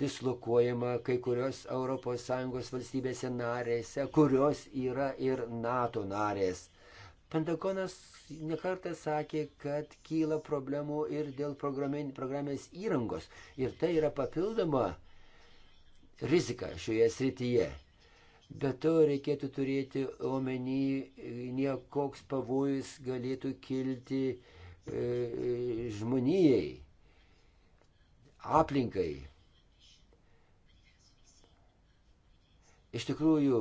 dislokuojama kai kurios ES valstybėse narėse, kurios yra ir NATO narės. Pentagonas nekartą sakė, kad kyla problemų ir dėl programinės įrangos. Ir tai yra papildoma rizika šioje srityje. Bet to reikėtų turėti omeny, koks pavojus galėtų kilti e, e, žmonijai, aplinkai. Iš tikrųjų,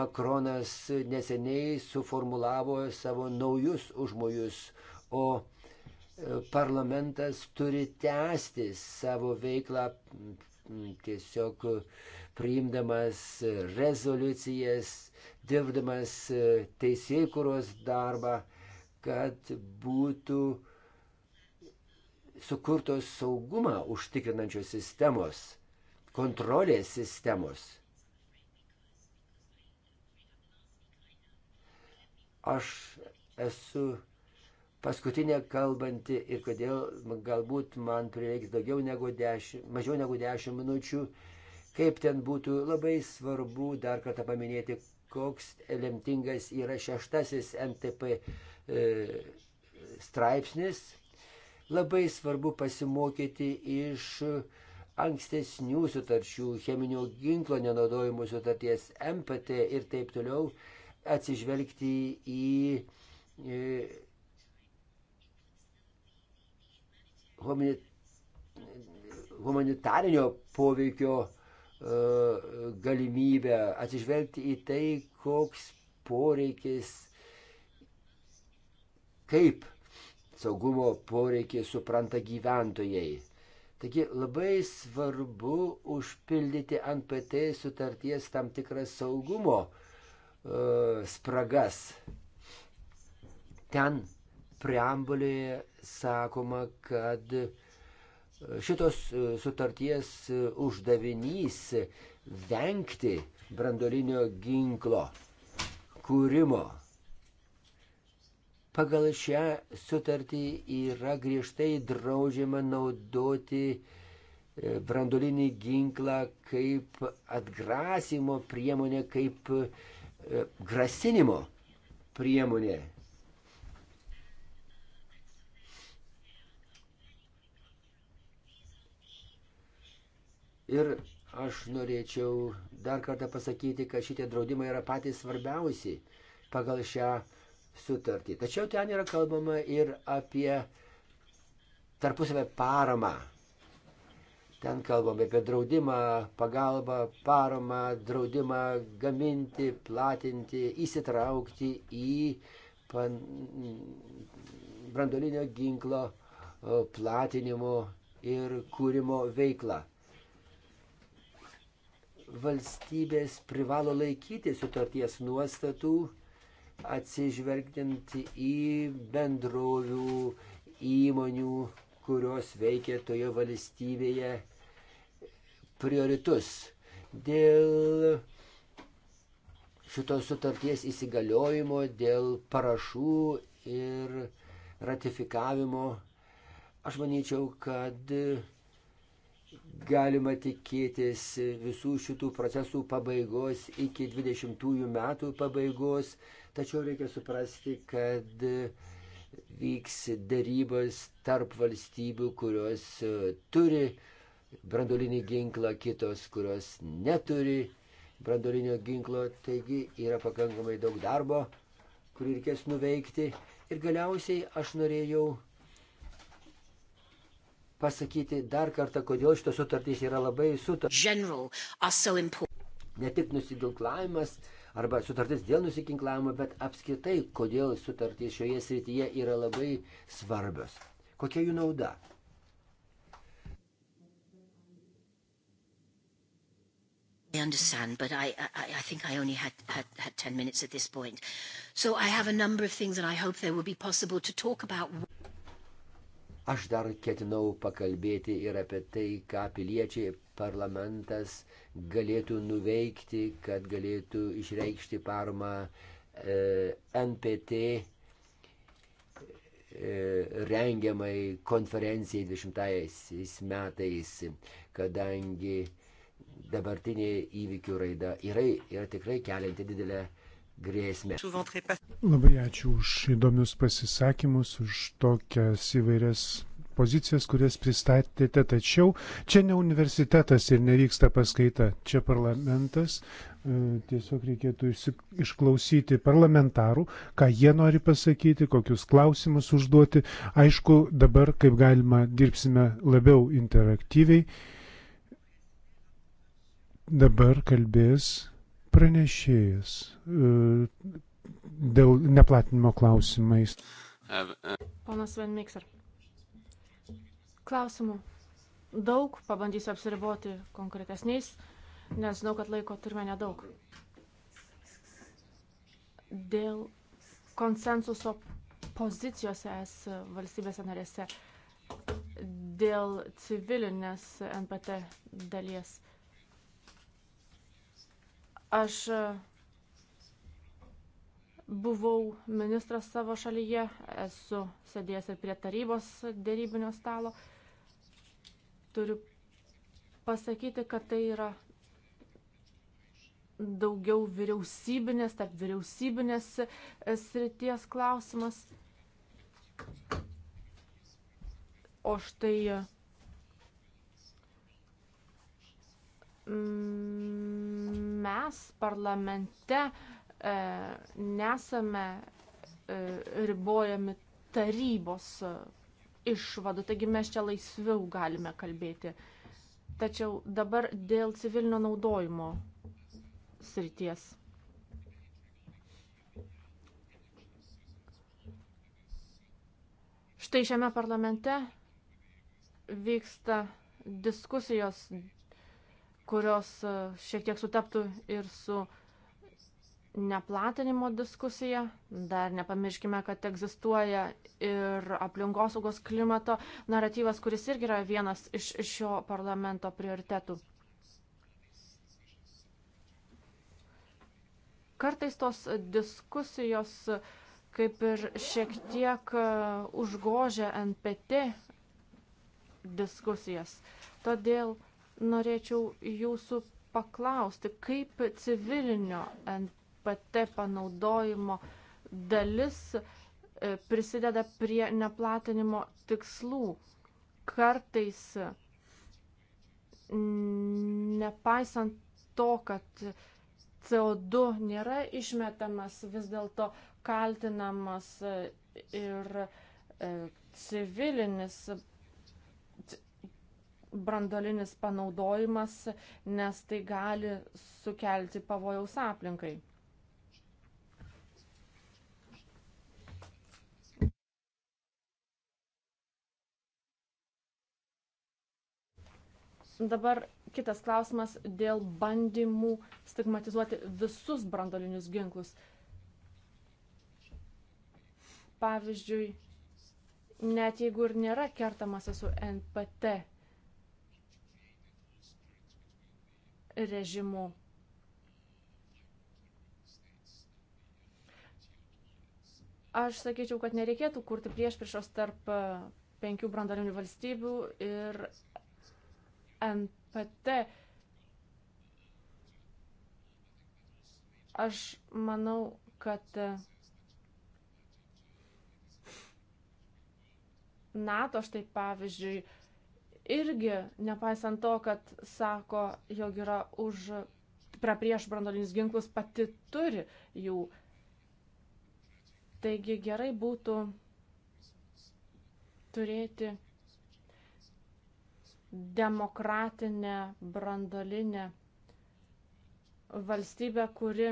Makronas neseniai suformulavo savo naujus užmojus, o e, parlamentas turi tęsti savo veiklą tiesiog priimdamas rezoliucijas, dirbdamas teisėkuros darbą, kad būtų sukurtos saugumą užtikrinančios sistemos, kontrolės sistemos. Aš esu paskutinė kalbanti ir kodėl galbūt man prireiks daugiau negu 10, mažiau negu 10 minučių, Kaip ten būtų, labai svarbu dar kartą paminėti, koks lemtingas yra šeštasis MTP e, straipsnis. Labai svarbu pasimokyti iš ankstesnių sutarčių, cheminio ginklo nenaudojimo sutarties MPT ir taip toliau, atsižvelgti į e, humanitarinio poveikio E, galimybę atsižvelgti į tai, koks poreikis, kaip saugumo poreikį supranta gyventojai. Taigi labai svarbu užpildyti NPT sutarties tam tikras saugumo uh, spragas. Ten preambulėje sakoma, kad uh, šitos e, sutarties e, uždavinys vengti brandolinio ginklo kūrimo. Pagal šią sutartį yra griežtai draudžiama naudoti e, brandolinį ginklą kaip atgrasimo priemonė, kaip grasinimo priemonė. Ir aš norėčiau dar kartą pasakyti, kad šitie draudimai yra patys svarbiausi pagal šią sutartį. Tačiau ten yra kalbama ir apie tarpusavę paramą. Ten kalbame apie draudimą, pagalbą, paramą, draudimą gaminti, platinti, įsitraukti į pan... brandolinio ginklo platinimo ir kūrimo veiklą valstybės privalo laikyti sutarties nuostatų, atsižvelgiant į bendrovių įmonių, kurios veikia toje valstybėje prioritus. Dėl šitos sutarties įsigaliojimo, dėl parašų ir ratifikavimo, aš manyčiau, kad galima tikėtis visų šitų procesų pabaigos iki 20 metų pabaigos, tačiau reikia suprasti, kad vyks darybos tarp valstybių, kurios e, turi brandolinį ginklą, kitos, kurios neturi brandolinio ginklo, taigi yra pakankamai daug darbo, kurį reikės nuveikti. Ir galiausiai aš norėjau pasakyti dar kartą, kodėl šitos sutartys yra labai sutartys. So ne tik nusiginklavimas arba sutartis dėl nusiginklavimo, bet apskritai, kodėl sutartys šioje srityje yra labai svarbios. Kokia jų nauda? I understand, but I, I, I think I only had, had, had 10 minutes at this point. So I have a number of things that I hope there will be possible to talk about. Aš dar ketinau pakalbėti ir apie tai, ką piliečiai parlamentas galėtų nuveikti, kad galėtų išreikšti paramą e, NPT e, rengiamai konferencijai 20 metais, kadangi dabartinė įvykių raida yra, yra tikrai kelianti didelę grėsmę. Labai ačiū už įdomius pasisakymus, už tokias įvairias pozicijas, kurias pristatėte, tačiau čia ne universitetas ir nevyksta paskaita, čia parlamentas, e, tiesiog reikėtų išklausyti parlamentarų, ką jie nori pasakyti, kokius klausimus užduoti. Aišku, dabar kaip galima dirbsime labiau interaktyviai. Dabar kalbės pranešėjas e, dėl neplatinimo klausimais. Ponas Venmikser. Klausimų daug, pabandysiu apsiriboti konkretesniais, nes žinau, kad laiko turime nedaug. Dėl konsensuso pozicijos es valstybėse narėse, dėl civilinės NPT dalies Aš e, buvau ministras savo šalyje, esu sėdėjęs ir prie tarybos dėrybinio stalo. Turiu pasakyti, kad tai yra daugiau vyriausybinės, tarp vyriausybinės e, srities klausimas. O štai e, Mm, mes parlamente e, nesame e, ribojami tarybos e, išvadų, taigi mes čia laisviau galime kalbėti. Tačiau dabar dėl civilinio naudojimo srities. Štai šiame parlamente vyksta diskusijos kurios e, šiek tiek sutaptų ir su neplatinimo diskusija. Dar nepamirškime, kad egzistuoja ir aplinkosaugos klimato naratyvas, kuris irgi yra vienas iš šio parlamento prioritetų. Kartais tos diskusijos kaip ir šiek tiek e, užgožia NPT diskusijas. Todėl norėčiau jūsų paklausti, kaip civilinio NPT panaudojimo dalis e, prisideda prie neplatinimo tikslų. Kartais, nepaisant to, kad CO2 nėra išmetamas, vis dėlto kaltinamas e, ir e, civilinis brandolinis panaudojimas, nes tai gali sukelti pavojaus aplinkai. Dabar kitas klausimas dėl bandymų stigmatizuoti visus brandolinius ginklus. Pavyzdžiui, net jeigu ir nėra kertamasi su NPT režimu. Aš sakyčiau, kad nereikėtų kurti priešpriešos tarp e, penkių brandalinių valstybių ir NPT. Aš manau, kad e, NATO štai pavyzdžiui irgi, nepaisant to, kad sako, jog yra už, pra, prieš brandolinius ginklus, pati turi jų. Taigi gerai būtų turėti demokratinę brandolinę valstybę, kuri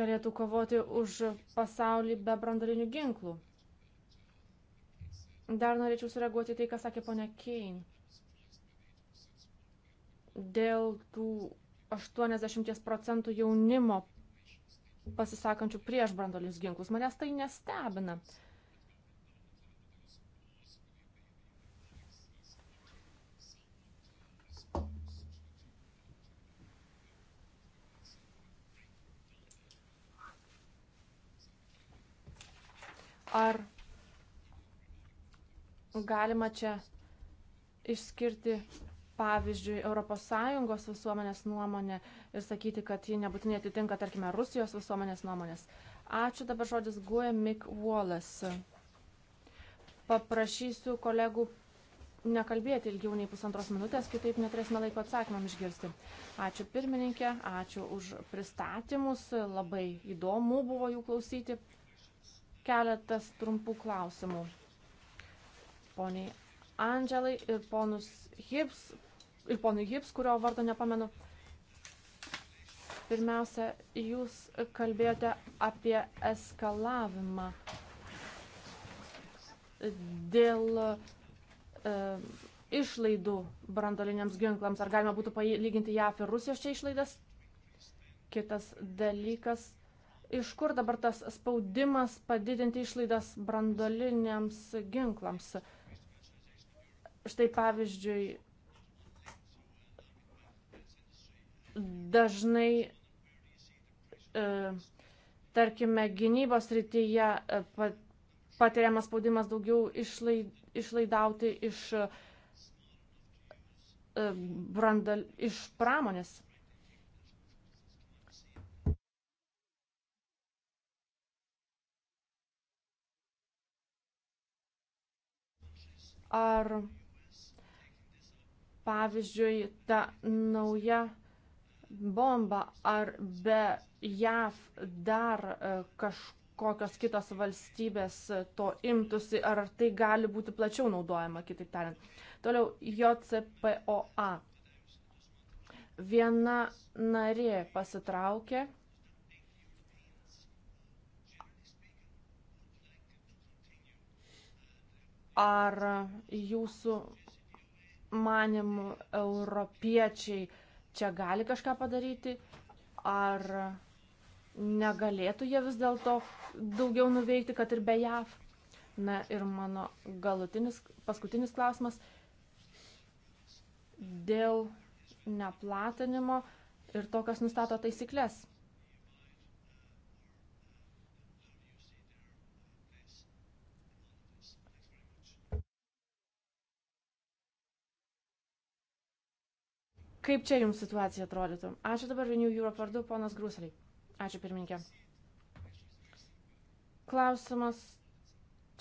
galėtų kovoti už pasaulį be brandolinių ginklų. Dar norėčiau sureaguoti tai, ką sakė ponia Kein. Dėl tų 80 procentų jaunimo pasisakančių prieš brandolius ginklus. Manęs tai nestebina. Ar Galima čia išskirti, pavyzdžiui, ES visuomenės nuomonę ir sakyti, kad ji nebūtinai atitinka, tarkime, Rusijos visuomenės nuomonės. Ačiū dabar žodis Guė Mik Wallace. Paprašysiu kolegų nekalbėti ilgiau nei pusantros minutės, kitaip neturėsime laiko atsakymam išgirsti. Ačiū pirmininkė, ačiū už pristatymus, labai įdomu buvo jų klausyti. Keletas trumpų klausimų poniai Andželai ir ponus Hibbs, ir ponui Hibbs, kurio vardo nepamenu. Pirmiausia, jūs kalbėjote apie eskalavimą dėl e, išlaidų brandoliniams ginklams. Ar galima būtų palyginti JAF ir Rusijos čia išlaidas? Kitas dalykas, iš kur dabar tas spaudimas padidinti išlaidas brandoliniams ginklams? E, Štai pavyzdžiui, dažnai, e, tarkime, gynybos rytyje e, patiriamas spaudimas daugiau išlaid, išlaidauti iš, e, brandal, iš pramonės. Ar pavyzdžiui, ta nauja bomba ar be JAV dar e, kažkokios kitos valstybės to imtųsi, ar tai gali būti plačiau naudojama, kitaip tariant. Toliau JCPOA. Viena narė pasitraukė. Ar jūsų manimu, europiečiai čia gali kažką padaryti, ar negalėtų jie vis dėlto daugiau nuveikti, kad ir be JAV. Na ir mano galutinis, paskutinis klausimas dėl neplatinimo ir to, kas nustato taisyklės. Kaip čia jums situacija atrodytų? Ačiū dabar Renew Europe vardu, ponas Grūseliai. Ačiū pirmininkė. Klausimas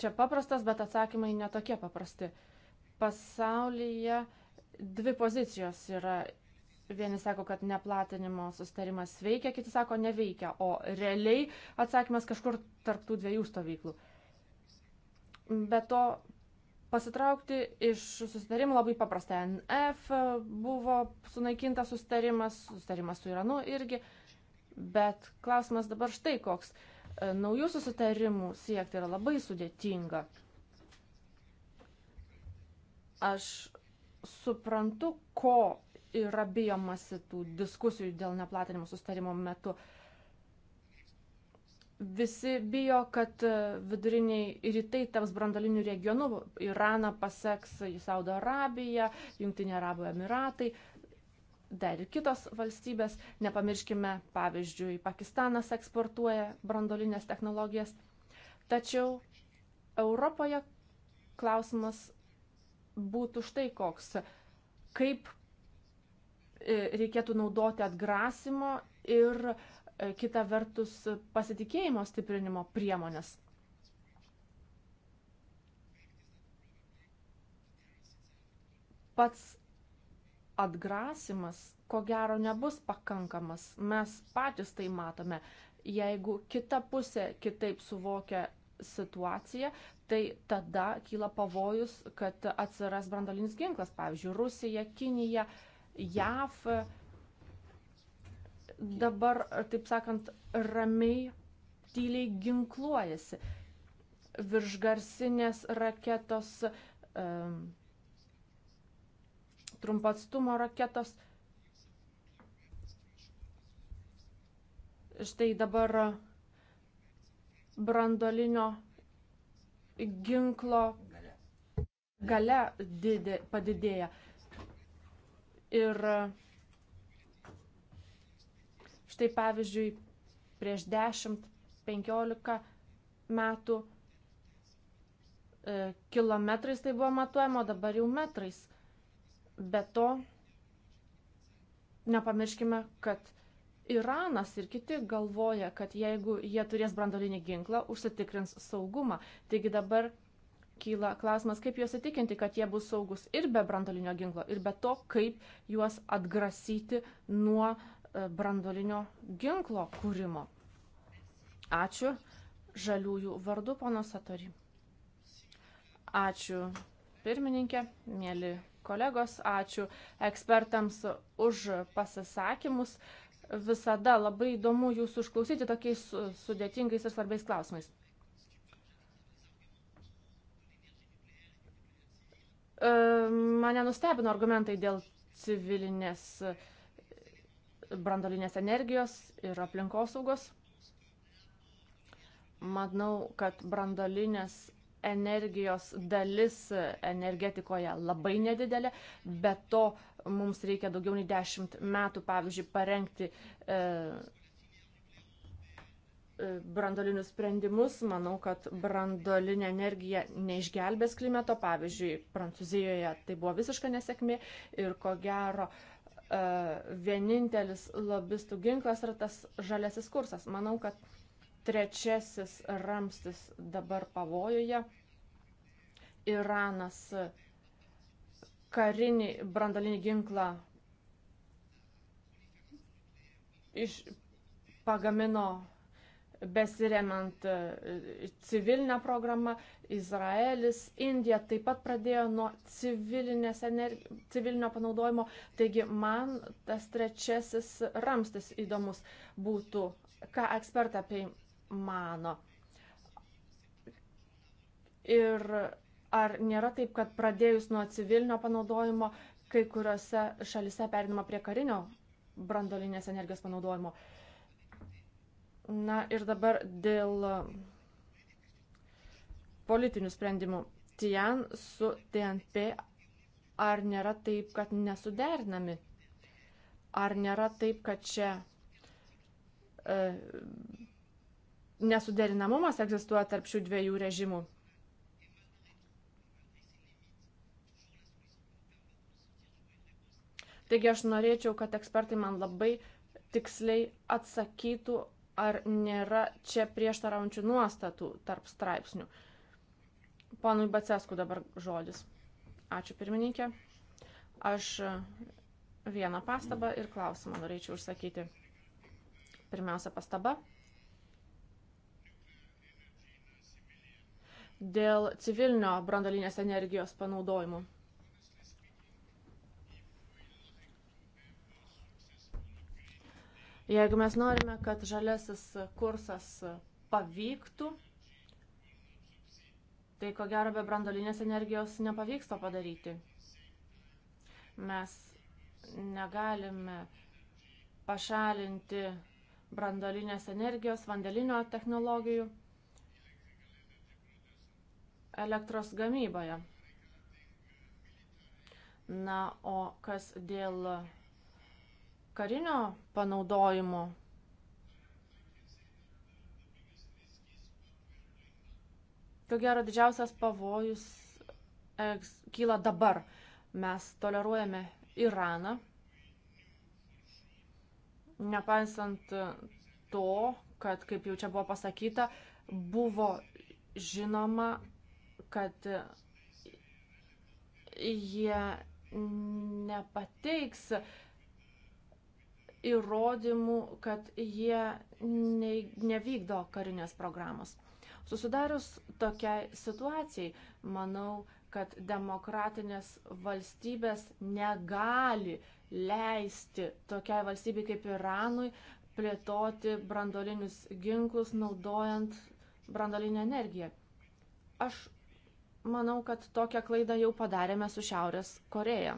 čia paprastas, bet atsakymai netokie paprasti. Pasaulyje dvi pozicijos yra. Vieni sako, kad neplatinimo sustarimas veikia, kiti sako, neveikia, o realiai atsakymas kažkur tarptų dviejų stovyklų. Be to, Pasitraukti iš susitarimų labai paprasta. NF buvo sunaikintas susitarimas, susitarimas su Iranu irgi, bet klausimas dabar štai koks. E, naujų susitarimų siekti yra labai sudėtinga. Aš suprantu, ko yra bijomasi tų diskusijų dėl neplatinimo susitarimo metu. Uh, Visi bijo, kad e, viduriniai rytai taps brandaliniu regionu, Iraną paseks į Saudo Arabiją, Junktinė Arabų Emiratai, dar ir kitos valstybės. Nepamirškime, pavyzdžiui, Pakistanas eksportuoja brandolinės technologijas. Tačiau Europoje klausimas būtų štai koks. Kaip e, reikėtų naudoti atgrasimo ir uh, E, kita vertus pasitikėjimo stiprinimo priemonės. Pats atgrasimas, ko gero, nebus pakankamas. Mes patys tai matome. Jeigu kita pusė kitaip suvokia situaciją, tai tada kyla pavojus, kad atsiras brandolinis ginklas, pavyzdžiui, Rusija, Kinija, JAV. Mhm dabar, taip sakant, ramiai, tyliai ginkluojasi. Viršgarsinės raketos, trumpatstumo raketos. Štai dabar brandolinio ginklo gale didė, padidėja. Ir uh, Štai pavyzdžiui, prieš 10-15 metų e, kilometrais tai buvo matuojama, o dabar jau metrais. Be to, nepamirškime, kad Iranas ir kiti galvoja, kad jeigu jie turės brandolinį ginklą, užsitikrins saugumą. Taigi dabar kyla klausimas, kaip juos įtikinti, kad jie bus saugus ir be brandolinio ginklo, ir be to, kaip juos atgrasyti nuo uh, E, brandolinio ginklo kūrimo. Ačiū žaliųjų vardu, pono Satori. Ačiū pirmininkė, mėly kolegos, ačiū ekspertams už pasisakymus. Visada labai įdomu jūsų užklausyti tokiais sudėtingais ir svarbiais klausimais. E, mane nustebino argumentai dėl civilinės uh, brandolinės energijos ir aplinkosaugos. Manau, kad brandolinės energijos dalis energetikoje labai nedidelė, bet to mums reikia daugiau nei 10 metų, pavyzdžiui, parengti e, e, brandolinius sprendimus. Manau, kad brandolinė energija neišgelbės klimato. Pavyzdžiui, Prancūzijoje tai buvo visiška nesėkmė ir ko gero e, E, vienintelis lobistų ginklas yra tas žaliasis kursas. Manau, kad trečiasis ramstis dabar pavojuje. Iranas karinį brandalinį ginklą iš, pagamino besiremiant e, civilinę programą, Izraelis, Indija taip pat pradėjo nuo energi... civilinio panaudojimo. Taigi man tas trečiasis ramstis įdomus būtų, ką ekspertai apie mano. Ir ar nėra taip, kad pradėjus nuo civilinio panaudojimo, kai kuriuose šalise perinama prie karinio brandolinės energijos panaudojimo? Uh, Na ir dabar dėl politinių sprendimų. Tian su TNP ar nėra taip, kad nesuderinami? Ar nėra taip, kad čia e, nesuderinamumas egzistuoja tarp šių dviejų režimų? Taigi aš norėčiau, kad ekspertai man labai tiksliai atsakytų, ar nėra čia prieštaraujančių nuostatų tarp straipsnių. Ponui Bacesku dabar žodis. Ačiū pirmininkė. Aš vieną pastabą ir klausimą norėčiau užsakyti. Pirmiausia pastaba. Dėl civilinio brandolinės energijos panaudojimų. Jeigu mes norime, kad žalesis kursas pavyktų, tai ko gero be brandolinės energijos nepavyks to padaryti. Mes negalime pašalinti brandolinės energijos, vandelinio technologijų elektros gamyboje. Na, o kas dėl karinio panaudojimo. Ko gero didžiausias pavojus e, kyla dabar. Mes toleruojame Iraną, nepaisant to, kad, kaip jau čia buvo pasakyta, buvo žinoma, kad jie nepateiks įrodymų, kad jie ne, nevykdo karinės programos. Susidarius tokiai situacijai, manau, kad demokratinės valstybės negali leisti tokiai valstybei kaip Iranui plėtoti brandolinius ginklus naudojant brandolinę energiją. Aš manau, kad tokią klaidą jau padarėme su Šiaurės Koreja.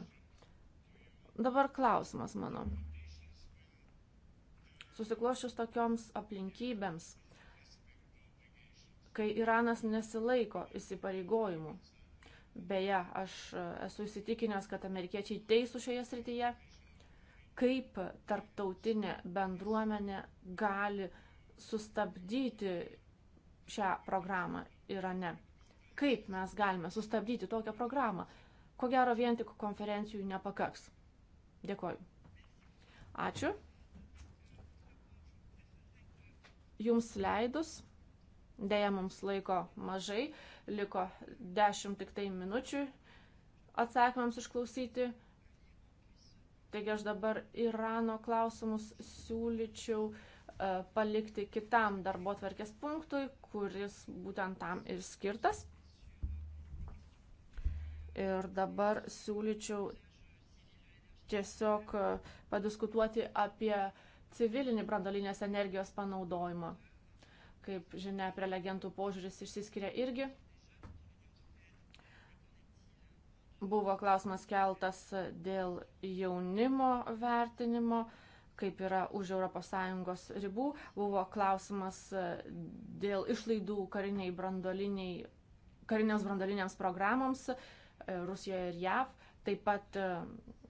Dabar klausimas mano. Susiklošius tokioms aplinkybėms, kai Iranas nesilaiko įsipareigojimų. Beje, aš e, esu įsitikinęs, kad amerikiečiai teisų šioje srityje, kaip tarptautinė bendruomenė gali sustabdyti šią programą Irane. Kaip mes galime sustabdyti tokią programą? Ko gero vien tik konferencijų nepakaks. Dėkoju. Ačiū jums leidus, dėja mums laiko mažai, liko 10 tik tai minučių atsakymams išklausyti. Taigi aš dabar Irano klausimus siūlyčiau e, palikti kitam darbo tvarkės punktui, kuris būtent tam ir skirtas. Ir dabar siūlyčiau tiesiog e, padiskutuoti apie uh, civilinį brandolinės energijos panaudojimą. Kaip žinia, prelegentų požiūris išsiskiria irgi. Buvo klausimas keltas dėl jaunimo vertinimo, kaip yra už ES ribų. Buvo klausimas dėl išlaidų kariniai brandoliniai, karinėms brandoliniams programoms e, Rusijoje ir JAV. Taip pat e,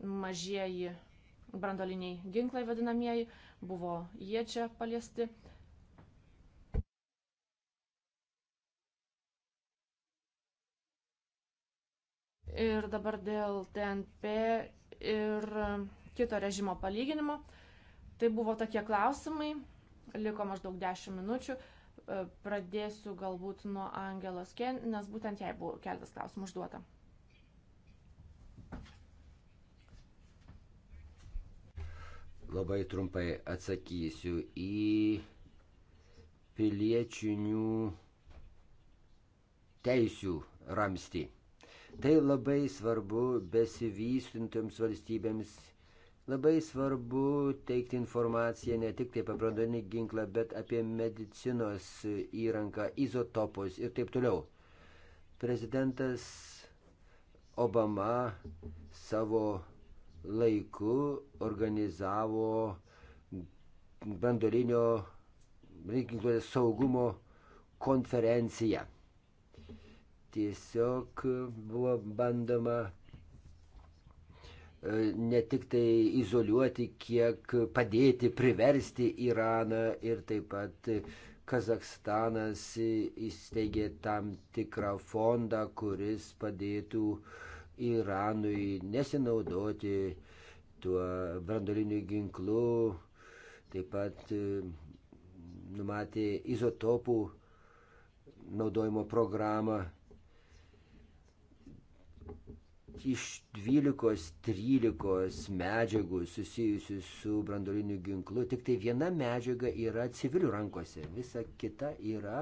mažieji brandoliniai ginklai vadinamieji, buvo jie čia paliesti. Ir dabar dėl TNP ir kito režimo palyginimo. Tai buvo tokie klausimai, liko maždaug 10 minučių. Pradėsiu galbūt nuo Angelos Ken, nes būtent jai buvo keltas klausimų užduota. Labai trumpai atsakysiu į piliečinių teisių ramstį. Tai labai svarbu besivystintoms valstybėms Labai svarbu teikti informaciją ne tik apie branduolinį ginklą, bet apie medicinos įrangą, izotopus ir taip toliau. Prezidentas Obama savo laiku organizavo brandolinio ginkluotės saugumo konferenciją. Tiesiog buvo bandoma e, ne tik tai izoliuoti, kiek padėti, priversti Iraną ir taip pat Kazakstanas įsteigė tam tikrą fondą, kuris padėtų uh, Iranui nesinaudoti tuo brandoliniu ginklu, taip pat e, numatė izotopų naudojimo programą. Iš 12-13 medžiagų susijusių su brandoliniu ginklu, tik tai viena medžiaga yra civilių rankose, visa kita yra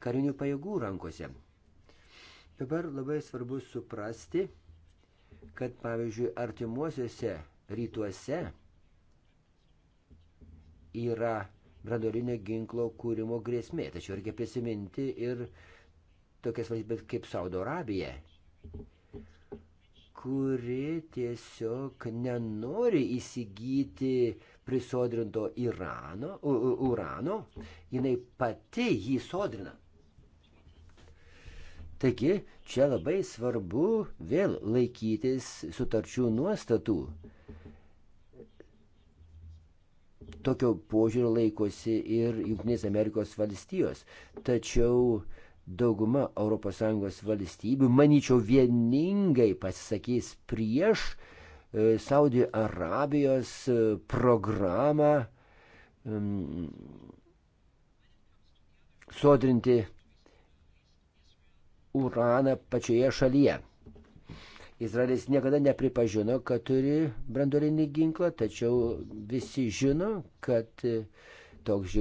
karinių pajėgų rankose. Dabar labai svarbu suprasti, kad pavyzdžiui artimuosiuose rytuose yra brandolinio ginklo kūrimo grėsmė. Tačiau reikia prisiminti ir tokias valstybės kaip Saudo Arabija, kuri tiesiog nenori įsigyti prisodrinto Irano, urano, jinai pati jį sodrina. Taigi čia labai svarbu vėl laikytis sutarčių nuostatų. Tokio požiūrio laikosi ir Junktinės Amerikos valstijos. Tačiau dauguma ES valstybių, manyčiau, vieningai pasisakys prieš e, Saudi Arabijos e, programą sodrinti uraną pačioje šalyje. Izraelis niekada nepripažino, kad turi brandolinį ginklą, tačiau visi žino, kad toks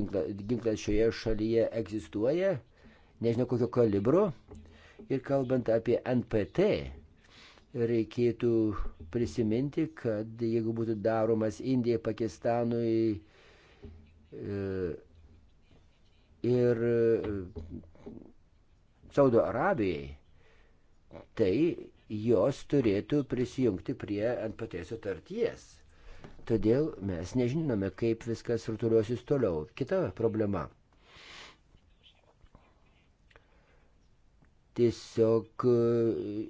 ginklas šioje šalyje egzistuoja, nežinia kokio kalibro. Ir kalbant apie NPT, reikėtų prisiminti, kad jeigu būtų daromas Indijai, Pakistanui e, ir Saudo Arabijai, tai jos turėtų prisijungti prie NPT sutarties. Todėl mes nežinome, kaip viskas rutuliuosis toliau. Kita problema. Tiesiog e,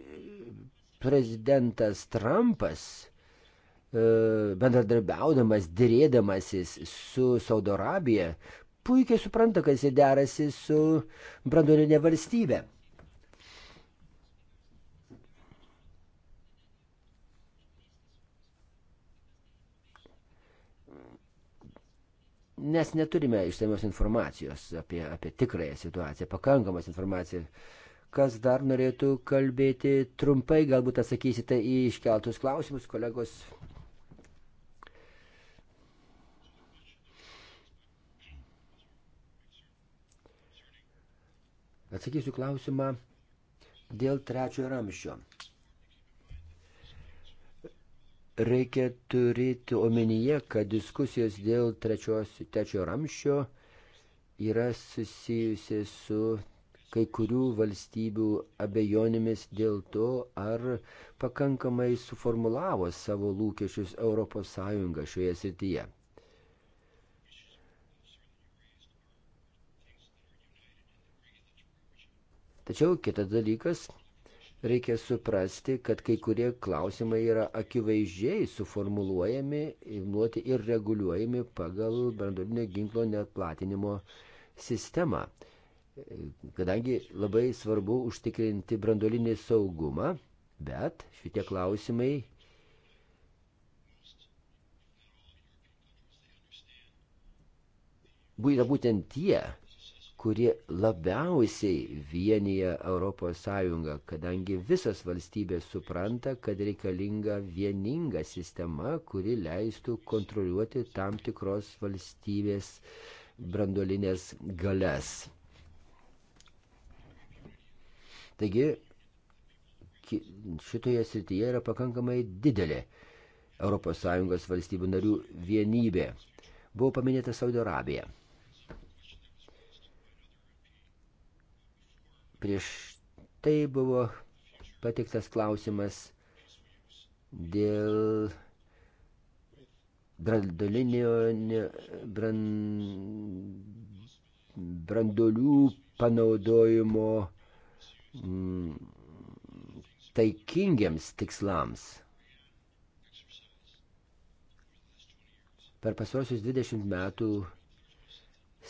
prezidentas Trumpas e, bendradarbiaudamas, dėrėdamasis su Saudo Arabija, puikiai supranta, kad jis derasi su branduolinė valstybė. Nes neturime išsamios informacijos apie, apie tikrąją situaciją, pakankamos informacijos. Kas dar norėtų kalbėti trumpai, galbūt atsakysite į iškeltus klausimus, kolegos Atsakysiu klausimą dėl trečiojo ramščio. Reikia turėti omenyje, kad diskusijos dėl trečios, trečiojo ramščio yra susijusi su kai kurių valstybių abejonėmis dėl to, ar pakankamai suformulavo savo lūkesčius ES šioje srityje. Tačiau kitas dalykas, reikia suprasti, kad kai kurie klausimai yra akivaizdžiai suformuluojami, imluoti ir reguliuojami pagal branduolinio ginklo neplatinimo sistemą. Kadangi labai svarbu užtikrinti branduolinį saugumą, bet šitie klausimai būtent tie kurie labiausiai vienyje ES, kadangi visas valstybės supranta, kad reikalinga vieninga sistema, kuri leistų kontroliuoti tam tikros valstybės brandolinės galias. Taigi šitoje srityje yra pakankamai didelė ES valstybių narių vienybė. Buvo paminėta Saudo Arabija. Prieš tai buvo pateiktas klausimas dėl brandolinio brandolių panaudojimo mm, taikingiams tikslams. Per pasosius 20 metų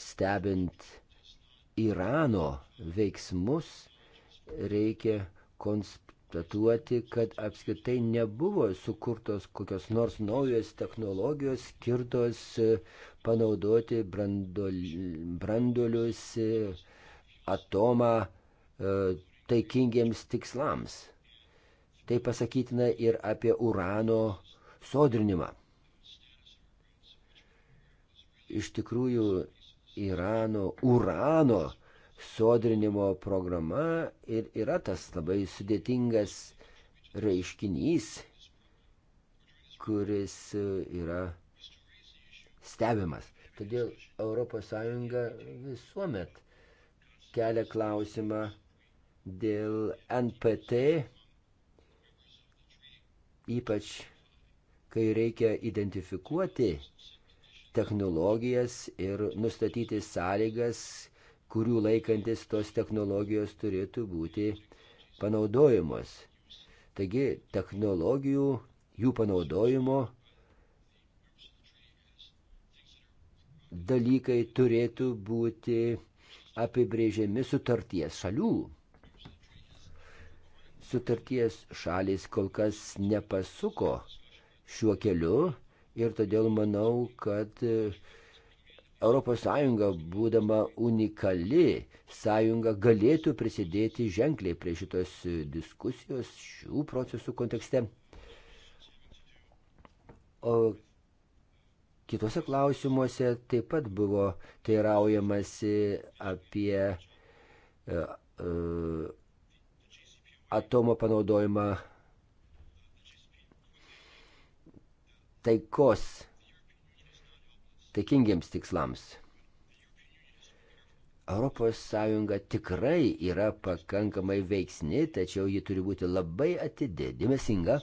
stebint Irano veiksmus, reikia konstatuoti, kad apskritai nebuvo sukurtos kokios nors naujos technologijos skirtos e, panaudoti branduolius, e, atomą e, taikingiems tikslams. Tai pasakytina ir apie urano sodrinimą. Iš tikrųjų, Irano urano sodrinimo programa ir yra tas labai sudėtingas reiškinys, kuris yra stebimas. Todėl ES visuomet kelia klausimą dėl NPT, ypač kai reikia identifikuoti technologijas ir nustatyti sąlygas, kurių laikantis tos technologijos turėtų būti panaudojamos. Taigi technologijų, jų panaudojimo dalykai turėtų būti apibrėžiami sutarties šalių. Sutarties šalis kol kas nepasuko šiuo keliu, Ir todėl manau, kad ES, būdama unikali sąjunga, galėtų prisidėti ženkliai prie šitos e, diskusijos šių procesų kontekste. O kitose klausimuose taip pat buvo teiraujamasi apie e, e, atomo panaudojimą taikos, taikingiems tikslams. ES tikrai yra pakankamai veiksni, tačiau ji turi būti labai atidė, dėmesinga,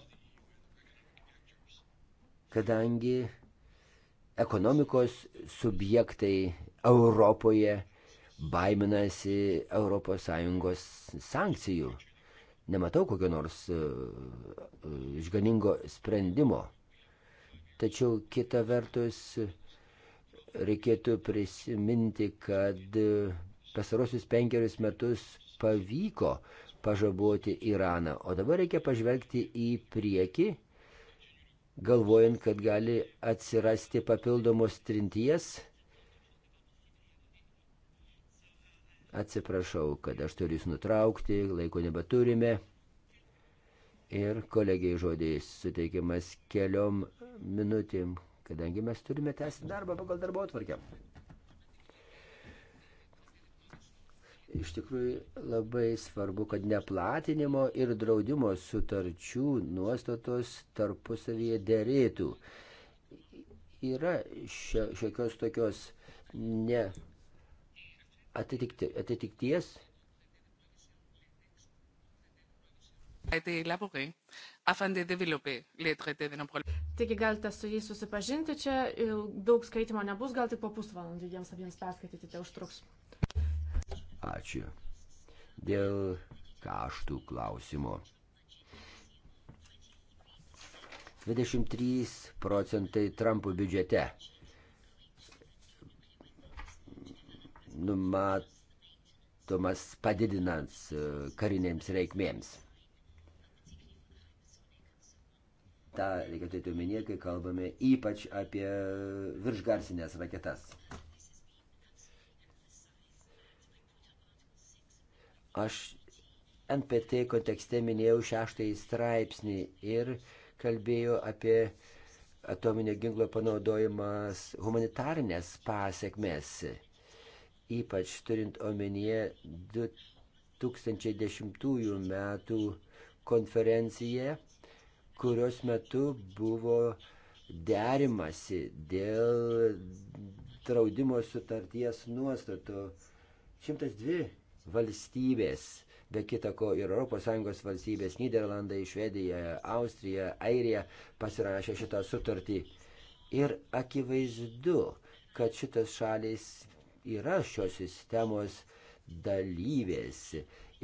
kadangi ekonomikos subjektai Europoje baiminasi ES sankcijų. Nematau kokio nors e, e, išganingo sprendimo. Tačiau kita vertus reikėtų prisiminti, kad pasarosius penkerius metus pavyko pažaboti Iraną. O dabar reikia pažvelgti į priekį, galvojant, kad gali atsirasti papildomos trinties. Atsiprašau, kad aš turiu jūs nutraukti, laiko nebeturime. Ir kolegijai žodis suteikiamas keliom minutėm, kadangi mes turime tęsti darbą pagal darbo atvarkę. Iš tikrųjų labai svarbu, kad neplatinimo ir draudimo sutarčių nuostatos tarpusavyje dėrėtų. Yra šiokios tokios ne atitikti, atitikties. a été élaboré afin de développer les traités de nos problèmes. Taigi galite su jais susipažinti čia, daug skaitimo nebus, gal tik po pusvalandį jiems abiems perskaityti, tai užtruks. Ačiū. Dėl kaštų klausimo. 23 procentai Trumpo biudžete numatomas padidinant e, karinėms reikmėms. tą reikia turėti omenyje, kai kalbame ypač apie viršgarsinės raketas. Aš NPT kontekste minėjau šeštąjį straipsnį ir kalbėjau apie atominio ginklo panaudojimas humanitarinės pasiekmes, ypač turint omenyje 2010 metų konferenciją kurios metu buvo derimasi dėl draudimo sutarties nuostatų. 102 valstybės, be kitako ir ES valstybės, Niderlandai, Švedija, Austrija, Airija pasirašė šitą sutartį. Ir akivaizdu, kad šitas šalis yra šios sistemos dalyvės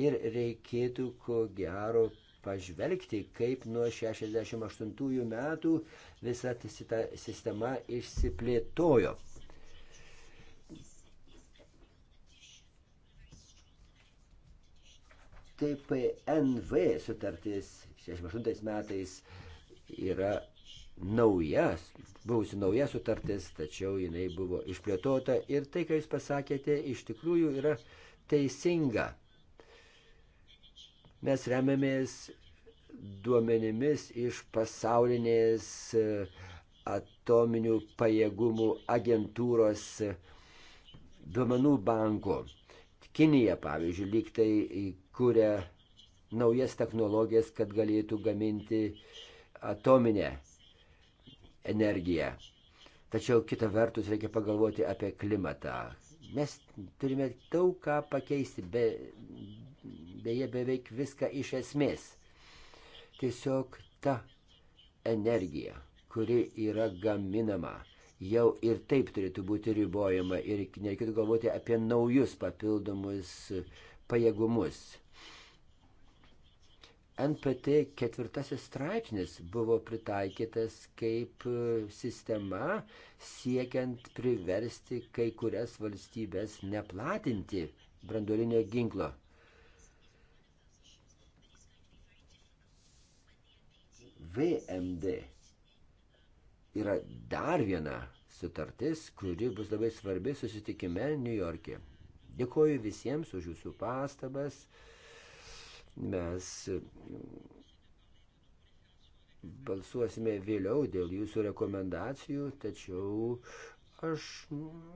ir reikėtų ko gero pažvelgti, kaip nuo 68 metų visa ta sistema išsiplėtojo. TPNV sutartis 68 metais yra nauja, buvusi nauja sutartis, tačiau jinai buvo išplėtota ir tai, ką jūs pasakėte, iš tikrųjų yra teisinga. Mes remiamės duomenimis iš pasaulinės e, atominių pajėgumų agentūros e, duomenų banko. Kinija, pavyzdžiui, lyg tai kūrė naujas technologijas, kad galėtų gaminti atominę energiją. Tačiau kita vertus reikia pagalvoti apie klimatą. Mes turime daug ką pakeisti, be, beje beveik viską iš esmės. Tiesiog ta energija, kuri yra gaminama, jau ir taip turėtų būti ribojama ir nereikėtų galvoti apie naujus papildomus pajėgumus. NPT ketvirtasis straipsnis buvo pritaikytas kaip sistema siekiant priversti kai kurias valstybės neplatinti branduolinio ginklo. VMD yra dar viena sutartis, kuri bus labai svarbi susitikime New York'e. Dėkoju visiems už jūsų pastabas. Mes mm, balsuosime vėliau dėl jūsų rekomendacijų, tačiau aš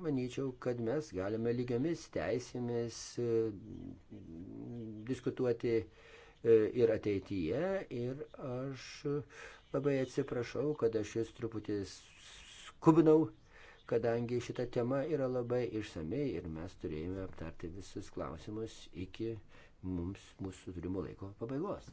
manyčiau, kad mes galime lygiomis teisėmis mm, diskutuoti uh, E, ir ateityje. Ir aš labai atsiprašau, kad aš jūs truputį skubinau, kadangi šita tema yra labai išsamei ir mes turėjome aptarti visus klausimus iki mums mūsų turimo laiko pabaigos.